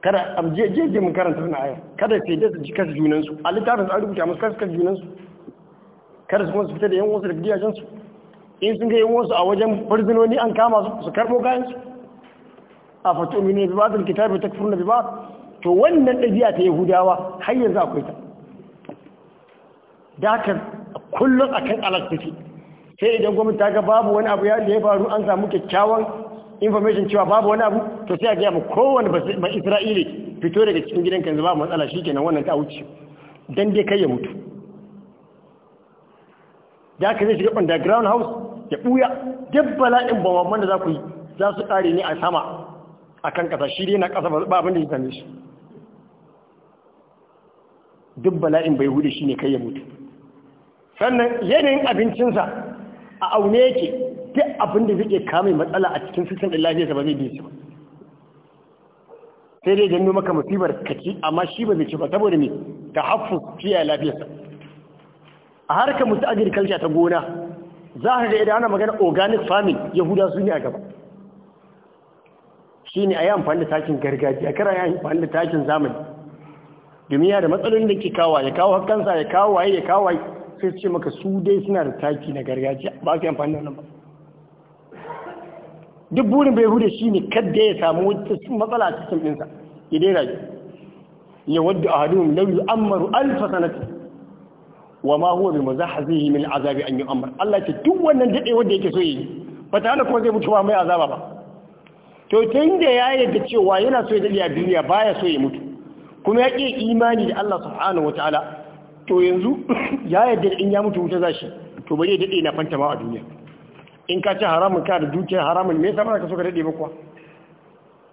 kada a jeje mun karanta suna aya kada sai da su ji kasu junansu a littafin su an rubuta musu kasu kasu junansu kada su kuma su fita da ‘yan uwansu da gidajensu in sun ga ‘yan uwansu a wajen farzinoni an kama su su karɓo kayansu a fatu mini bi kitabi ta takfuruna da ba'd to wannan dabi'a ta yahudawa har yanzu akwai ta dakar kullum akan alaƙaci sai idan gwamnati ta ga babu wani abu da ya faru an samu kyakkyawan information cewa babu wani abu to sai a gaya ma kowane ba isra'ili fito daga cikin gidan kan babu matsala shi kenan wannan ta wuce don dai kai ya mutu da ka zai shiga underground house ya ɓuya duk bala'in ba wanda za ku yi za su ƙare ne a sama Akan kan ƙasa shi dai na ƙasa ba abin da ya same shi duk bala'in bai hudu shi ne kai ya mutu sannan yanayin abincinsa a aune yake duk abin da zai kame matsala a cikin sistem ɗin lafiyarsa ba zai bi shi ba sai dai janyo maka musibar kaci amma shi ba zai ci ba saboda me ta hafu fiye lafiyarsa a harkar musu agriculture ta gona za a ga idan ana magana organic farming yahuda su ne a gaba shine a yi amfani da takin gargajiya kar a yi amfani da takin zamani Duniya da matsalolin da ke kawo ya kawo hakansa ya kawo waye ya kawo sai ce maka su dai suna da taki na gargajiya ba su yi amfani da wannan ba duk burin bai hude shi ne kadda ya samu wata matsala a cikin ɗinsa ya dai ya wadda a hadin lauyi ammaru alfa sanatu wa ma huwa bi yi min azabi an yu'ammar Allah ce duk wannan dade wanda yake so yi ba tare da kuma zai mutuwa mai azaba ba to tun da ya da cewa yana so ya dade a duniya baya so ya mutu kuma ya ƙi imani da Allah subhanahu ta'ala to yanzu *coughs* ya da in ya mutu wuta zashi to bari ya daɗe na fanta ma a duniya in ka ci haramun ka da dukiyar haramun me yasa ka so ka daɗe ba kuwa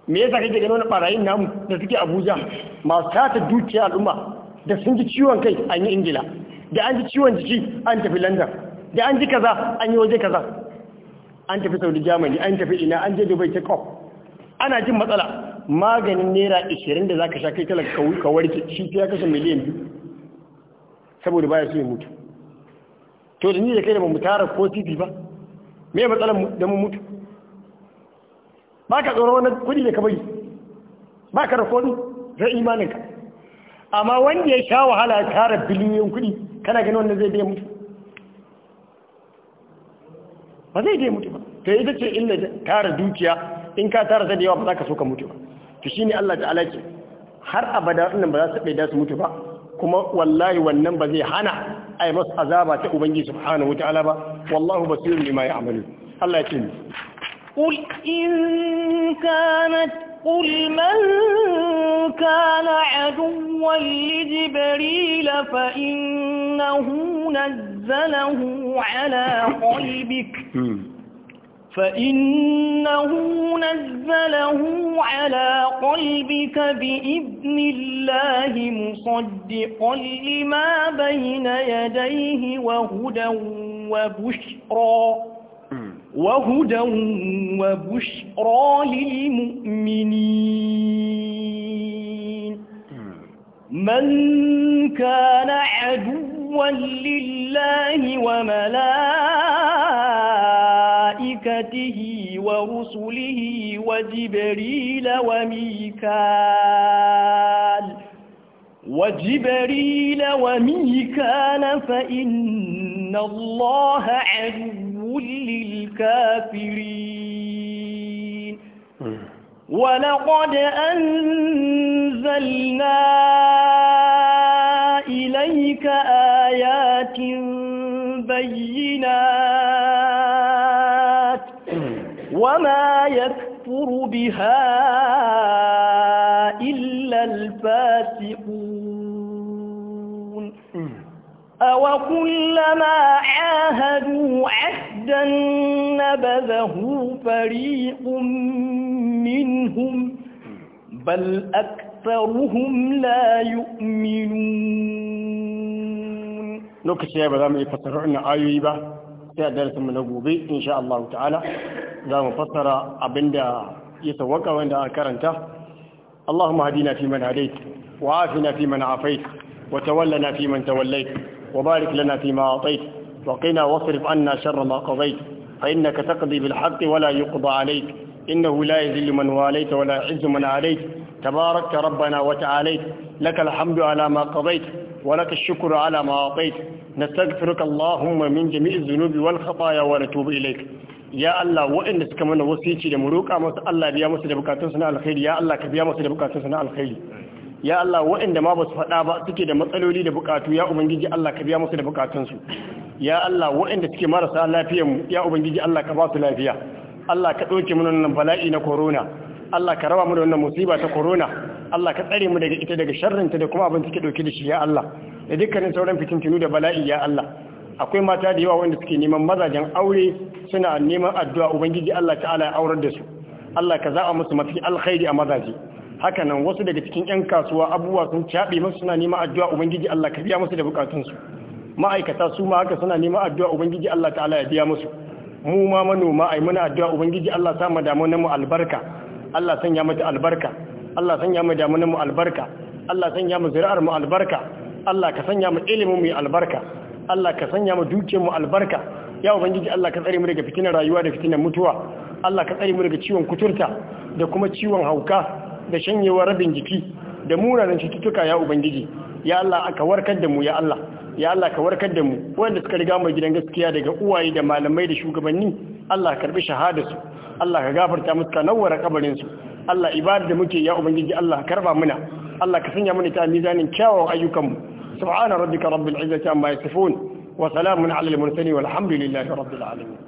me yasa kake ganin wani barayin namu da suke Abuja masu tata dukiyar al'umma da sun ji ciwon kai an yi Ingila da an ji ciwon jiki an tafi London da an ji kaza an yi waje kaza an tafi Saudi Germany an tafi ina an je Dubai take off ana jin matsala maganin naira 20 da za ka sha kai talaka ka warke shi ta ya kashe miliyan biyu saboda baya so ya mutu to da ni da kai da ba mu tara ko titi ba me matsalar da mun mutu ba ka tsoron wani kudi da ka bari ba ka rakoni zai imaninka amma wanda ya sha wahala ya tara biliyoyin kudi kana gani wanda zai bai mutu ba zai bai mutu ba to yi dace illa tara dukiya in ka tara ta da yawa ba za ka so ka mutu ba to shi ne Allah ta'ala ce har abada wannan ba za su da su mutu ba kuma wallahi wannan ba zai hana a yi masu azaba ta ubangiji subhanahu wataala ba wallahu ba basirun bima ya'malu Allah ya ce قل إن كانت قل من كان عدوا لجبريل فإنه نزله على قلبك فإنه نزله على قلبك بإذن الله مصدقا لما بين يديه وهدى وبشرى hmm. وهدى وبشرى للمؤمنين hmm. من كان عدوا لله وملائكته وملائكته ورسله وجبريل وميكال وجبريل وميكال فإن الله عدو للكافرين ولقد أنزلنا إليك آيات بينات وما يكفر بها إلا الفاسقون أو كلما عاهدوا عهدا نبذه فريق منهم بل أكثرهم لا يؤمنون لو يا بدام يفسرون آيوي sai من أبوبي إن شاء الله تعالى ta'ala مفسر mu يتوقع abinda ya اللهم هدينا فيمن هديت وعافنا فيمن عافيت وتولنا فيمن توليت وبارك لنا فيما أعطيت وقنا واصرف عنا شر ما قضيت فإنك تقضي بالحق ولا يقضى عليك إنه لا يذل من واليت ولا يعز من عليك تباركت ربنا وتعاليت لك الحمد على ما قضيت ولك الشكر على ما أعطيت نستغفرك اللهم من جميع الذنوب والخطايا ونتوب إليك ya Allah waɗanda suka mana wasici da mu roƙa masu Allah biya musu da bukatunsu na alkhairi ya Allah ka biya musu da bukatunsu na alkhairi ya Allah waɗanda ma ba faɗa ba suke da matsaloli da bukatu ya ubangiji Allah ka biya musu da bukatunsu ya Allah waɗanda suke marasa lafiyar mu ya ubangiji Allah ka ba lafiya Allah ka wannan bala'i na korona. Allah ka raba mu da musiba ta korona. Allah ka tsare mu daga ita daga sharrinta da kuma abin take dauke da shi ya Allah da dukkanin sauran fitintunu da bala'i ya Allah akwai mata da yawa wanda suke neman mazajen aure suna neman addu'a ubangiji Allah ta'ala ya aurar da su Allah ka za'a musu mafi alkhairi a mazaje haka nan wasu daga cikin yan kasuwa abubuwa sun cabe musu suna neman addu'a ubangiji Allah ka biya musu da bukatun su ma'aikata su ma haka suna neman addu'a ubangiji Allah ta'ala ya biya musu mu ma manoma ai muna addu'a ubangiji Allah sa mu damu mu albarka Allah sanya mata albarka Allah sanya mu damunan mu albarka Allah sanya mu zuri'ar mu albarka Allah ka sanya mu ilimin mu albarka Allah ka sanya mu dukiyar mu albarka ya ubangiji Allah ka tsare mu daga fitinar rayuwa da fitinar mutuwa Allah ka tsare mu daga ciwon kuturta da kuma ciwon hauka da shanyewar rabin jiki da munanan cututtuka ya ubangiji ya Allah aka warkar da mu ya Allah ya Allah ka warkar da mu wanda suka riga mu gidan gaskiya daga uwaye da malamai da shugabanni Allah ka karbi shahadarsu Allah ka gafarta musu ka nawwara kabarin su Allah ibadar da muke ya ubangiji Allah karba muna Allah ka sanya mana ta mizanin kyawawan ayyukanmu subhana rabbika rabbil izzati amma yasifun wa salamun alal mursalin walhamdulillahi rabbil alamin